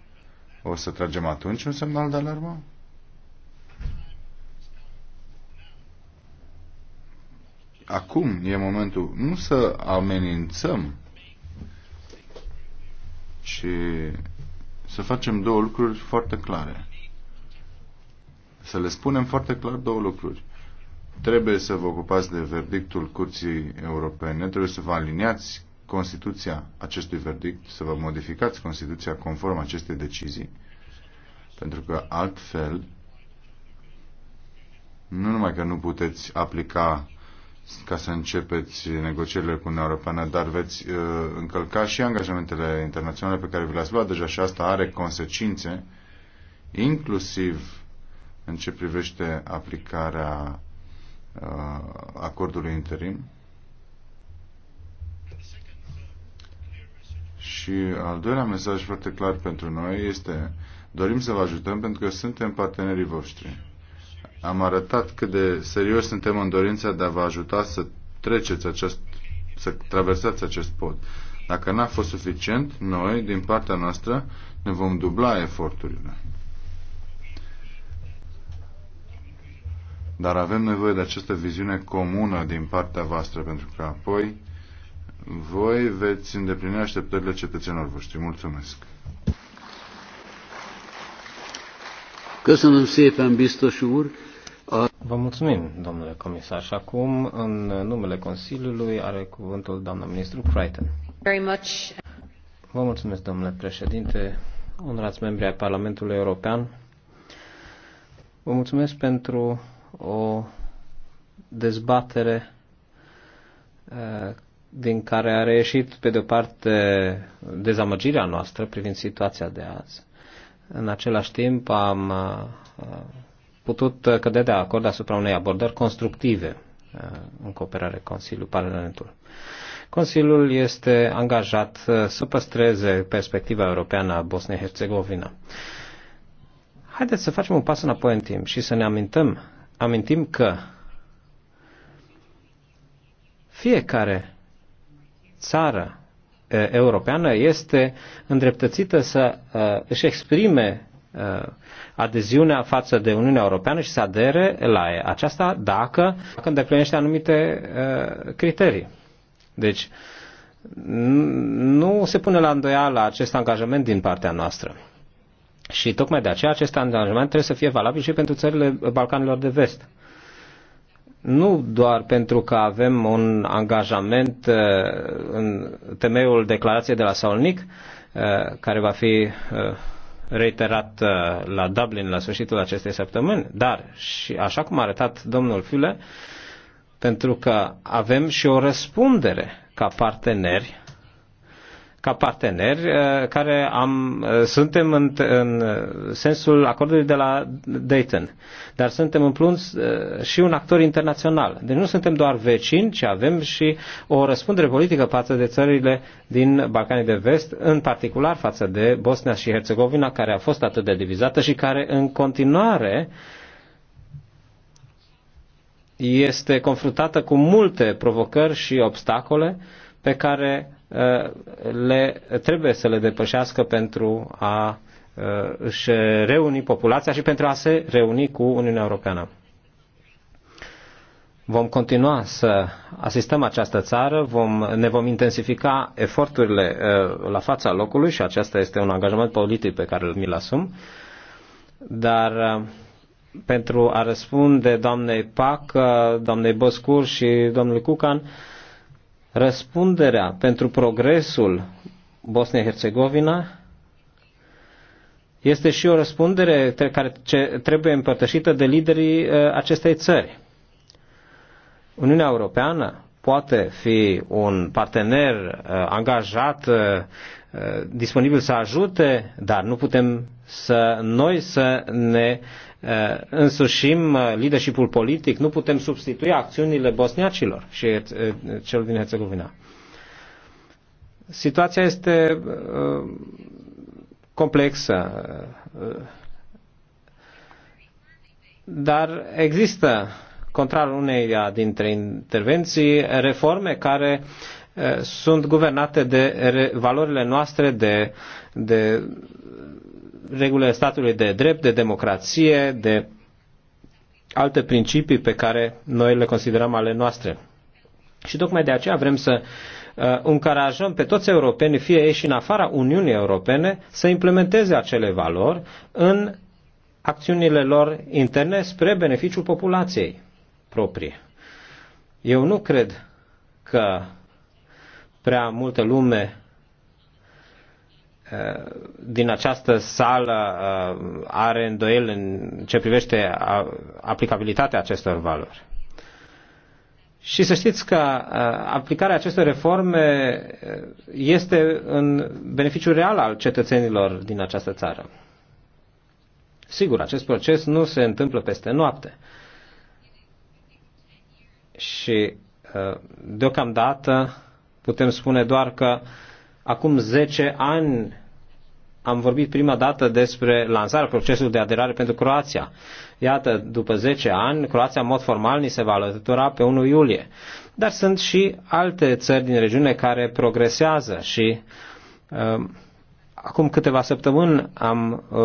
Speaker 5: O să tragem atunci un semnal de alarmă? acum e momentul nu să amenințăm, ci să facem două lucruri foarte clare. Să le spunem foarte clar două lucruri. Trebuie să vă ocupați de verdictul Curții Europene, trebuie să vă aliniați Constituția acestui verdict, să vă modificați Constituția conform acestei decizii, pentru că altfel nu numai că nu puteți aplica ca să începeți negocierile cu Uniunea Europeană, dar veți uh, încălca și angajamentele internaționale pe care vi le-ați luat deja și asta are consecințe, inclusiv în ce privește aplicarea uh, acordului interim. Și al doilea mesaj foarte clar pentru noi este dorim să vă ajutăm pentru că suntem partenerii voștri am arătat cât de serios suntem în dorința de a vă ajuta să treceți acest, să traversați acest pod. Dacă n-a fost suficient, noi, din partea noastră, ne vom dubla eforturile. Dar avem nevoie de această viziune comună din partea voastră, pentru că apoi voi veți îndeplini așteptările cetățenilor
Speaker 6: voștri. Mulțumesc! Köszönöm szépen, biztos úr! Vă mulțumim, domnule comisar. Și acum, în numele Consiliului, are cuvântul doamna ministru Crichton.
Speaker 7: Very much.
Speaker 6: Vă mulțumesc, domnule președinte, onorați membri ai Parlamentului European. Vă mulțumesc pentru o dezbatere eh, din care a reieșit, pe de-o parte, dezamăgirea noastră privind situația de azi, în același timp am uh, putut cădea de acord asupra unei abordări constructive uh, în cooperare Consiliul Parlamentul. Consiliul este angajat să păstreze perspectiva europeană a Bosniei-Herzegovina. Haideți să facem un pas înapoi în timp și să ne amintăm, amintim că fiecare țară europeană este îndreptățită să își exprime adeziunea față de Uniunea Europeană și să adere la aceasta dacă, dacă îndeplinește anumite criterii. Deci, nu se pune la îndoială acest angajament din partea noastră. Și tocmai de aceea acest angajament trebuie să fie valabil și pentru țările Balcanilor de Vest nu doar pentru că avem un angajament uh, în temeiul declarației de la Saulnic, uh, care va fi uh, reiterat la Dublin la sfârșitul acestei săptămâni, dar și așa cum a arătat domnul Fule, pentru că avem și o răspundere ca parteneri ca parteneri uh, care am, uh, suntem în, în sensul acordului de la Dayton, dar suntem în plus uh, și un actor internațional. Deci nu suntem doar vecini, ci avem și o răspundere politică față de țările din Balcanii de Vest, în particular față de Bosnia și Herțegovina, care a fost atât de divizată și care în continuare este confruntată cu multe provocări și obstacole pe care le, trebuie să le depășească pentru a uh, își reuni populația și pentru a se reuni cu Uniunea Europeană. Vom continua să asistăm această țară, vom, ne vom intensifica eforturile uh, la fața locului și acesta este un angajament politic pe care mi-l asum, dar uh, pentru a răspunde doamnei Pac, doamnei Băscur și domnului Cucan, Răspunderea pentru progresul Bosnia-Herzegovina este și o răspundere care trebuie împărtășită de liderii uh, acestei țări. Uniunea Europeană poate fi un partener uh, angajat uh, Eh, disponibil să ajute, dar nu putem să noi să ne eh, însușim eh, leadership-ul politic, nu putem substitui acțiunile bosniacilor și celor din Herțegovina. Situația este complexă, dar există, contrar uneia dintre intervenții, reforme care uh, Eh, sunt guvernate de valorile noastre, de, de regulile statului de drept, de democrație, de alte principii pe care noi le considerăm ale noastre. Și tocmai de aceea vrem să eh, încurajăm pe toți europenii, fie ei și în afara Uniunii Europene, să implementeze acele valori în acțiunile lor interne spre beneficiul populației proprie. Eu nu cred că prea multă lume uh, din această sală uh, are îndoiel în ce privește uh, aplicabilitatea acestor valori. Și să știți că aplicarea acestor reforme este în beneficiu real al cetățenilor din această țară. Sigur, acest proces nu se întâmplă peste noapte. Și deocamdată Putem spune doar că acum 10 ani am vorbit prima dată despre lansarea procesului de aderare pentru Croația. Iată, după 10 ani, Croația în mod formal ni se va alătura pe 1 iulie. Dar sunt și alte țări din regiune care progresează și uh, acum câteva săptămâni am uh,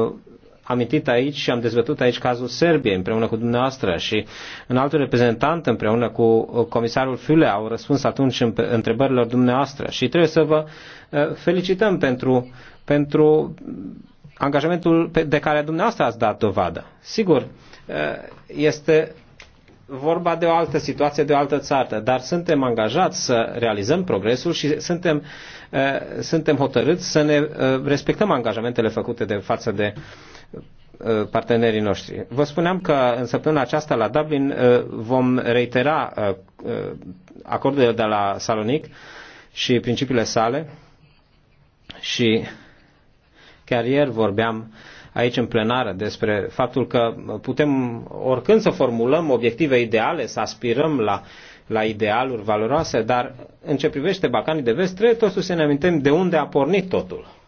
Speaker 6: amintit aici și am dezbătut aici cazul Serbiei împreună cu dumneavoastră și în altul reprezentant împreună cu uh, comisarul Fiule au răspuns atunci întrebărilor dumneavoastră și trebuie să vă uh, felicităm pentru, pentru angajamentul de care dumneavoastră ați dat dovadă. Sigur, uh, este vorba de o altă situație, de o altă țară, dar suntem angajați să realizăm progresul și suntem, suntem hotărâți să ne respectăm angajamentele făcute de față de Uh, partenerii noștri. Vă spuneam că în săptămâna aceasta la Dublin uh, vom reitera uh, acordurile de la Salonic și principiile sale și chiar ieri vorbeam aici în plenară despre faptul că putem oricând să formulăm obiective ideale, să aspirăm la, la idealuri valoroase, dar în ce privește Bacanii de Vest, trebuie totuși să ne amintim de unde a pornit totul.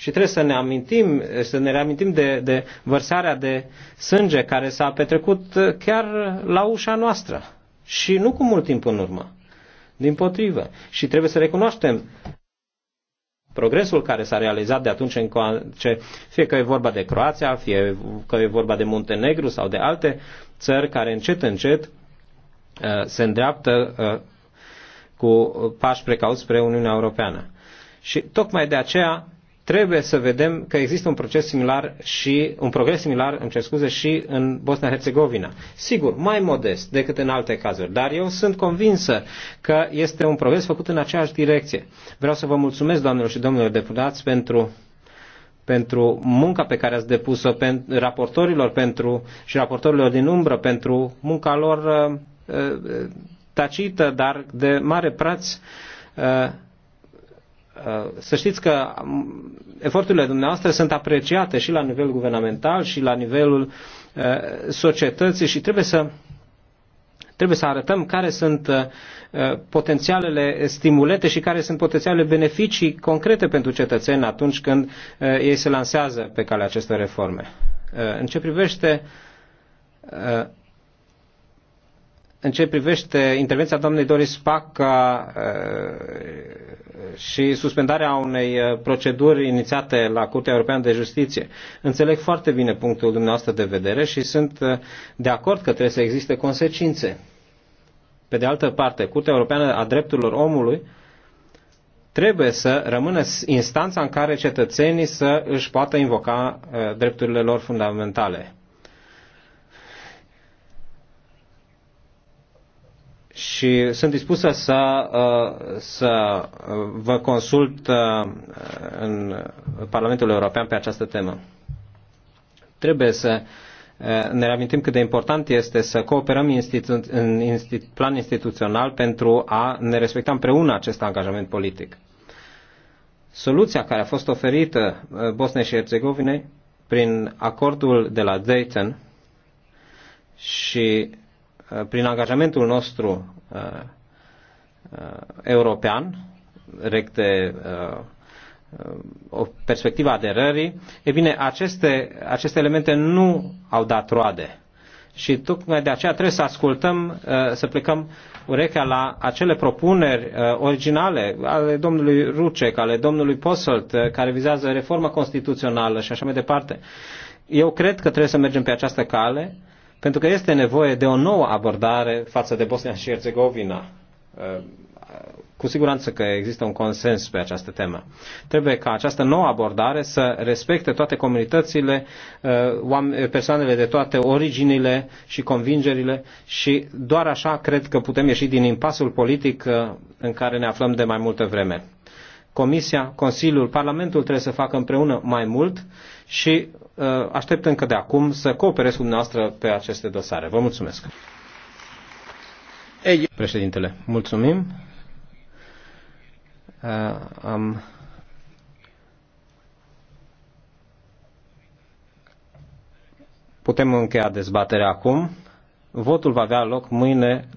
Speaker 6: Și trebuie să ne amintim, să ne reamintim de, de vărsarea de sânge care s-a petrecut uh, chiar la ușa noastră și nu cu mult timp în urmă. Din potrivă. Și trebuie să recunoaștem progresul care s-a realizat de atunci încoace, fie că e vorba de Croația, fie că e vorba de Muntenegru sau de alte țări care încet, încet uh, se îndreaptă uh, cu pași precauți spre Uniunea Europeană. Și tocmai de aceea Trebuie să vedem că există un proces similar și un progres similar, îmi cer scuze, și în Bosnia-Herzegovina. Sigur, mai modest decât în alte cazuri, dar eu sunt convinsă că este un progres făcut în aceeași direcție. Vreau să vă mulțumesc, doamnelor și domnilor deputați, pentru pentru munca pe care ați depus-o, pen, raportorilor pentru, și raportorilor din umbră, pentru munca lor uh, uh tacită, dar de mare praț, uh, Uh, să știți că um, eforturile dumneavoastră sunt apreciate și la nivel guvernamental și la nivelul uh, societății și trebuie să trebuie să arătăm care sunt uh, potențialele stimulete și care sunt potențialele beneficii concrete pentru cetățeni atunci când ei se lansează pe calea acestor reforme. În ce privește în ce privește intervenția doamnei Doris Pac uh, și suspendarea unei uh, proceduri inițiate la Curtea Europeană de Justiție. Înțeleg foarte bine punctul dumneavoastră de vedere și sunt uh, de acord că trebuie să existe consecințe. Pe de altă parte, Curtea Europeană a Drepturilor Omului trebuie să rămână instanța în care cetățenii să își poată invoca drepturile lor fundamentale. și sunt dispusă să, uh, să uh, vă consult uh, în Parlamentul European pe această temă. Trebuie să ne reamintim cât de important este să cooperăm institu- în institu- plan instituțional pentru a ne respecta împreună acest angajament politic. Soluția care a fost oferită Bosnei și Herzegovinei prin acordul de la Dayton și Uh, prin angajamentul nostru uh, uh, european, recte o perspectivă aderării, e bine, aceste, aceste elemente nu au dat roade. Și tocmai de aceea trebuie să ascultăm, să plecăm urechea la acele propuneri originale ale domnului Rucec, ale domnului Posselt, care vizează reforma constituțională și așa mai departe. Eu cred că trebuie să mergem pe această cale pentru că este nevoie de o nouă abordare față de Bosnia și Herzegovina. Uh, cu siguranță că există un consens pe această temă. Trebuie ca această nouă abordare să respecte toate comunitățile, uh, persoanele de toate originile și convingerile și doar așa cred că putem ieși din impasul politic uh, în care ne aflăm de mai multă vreme. Comisia, Consiliul, Parlamentul trebuie să facă împreună mai mult și uh, aștept încă de acum să cooperez cu dumneavoastră pe aceste dosare. Vă mulțumesc. Ei, președintele, mulțumim. Uh, am Putem încheia dezbaterea acum. Votul va avea loc mâine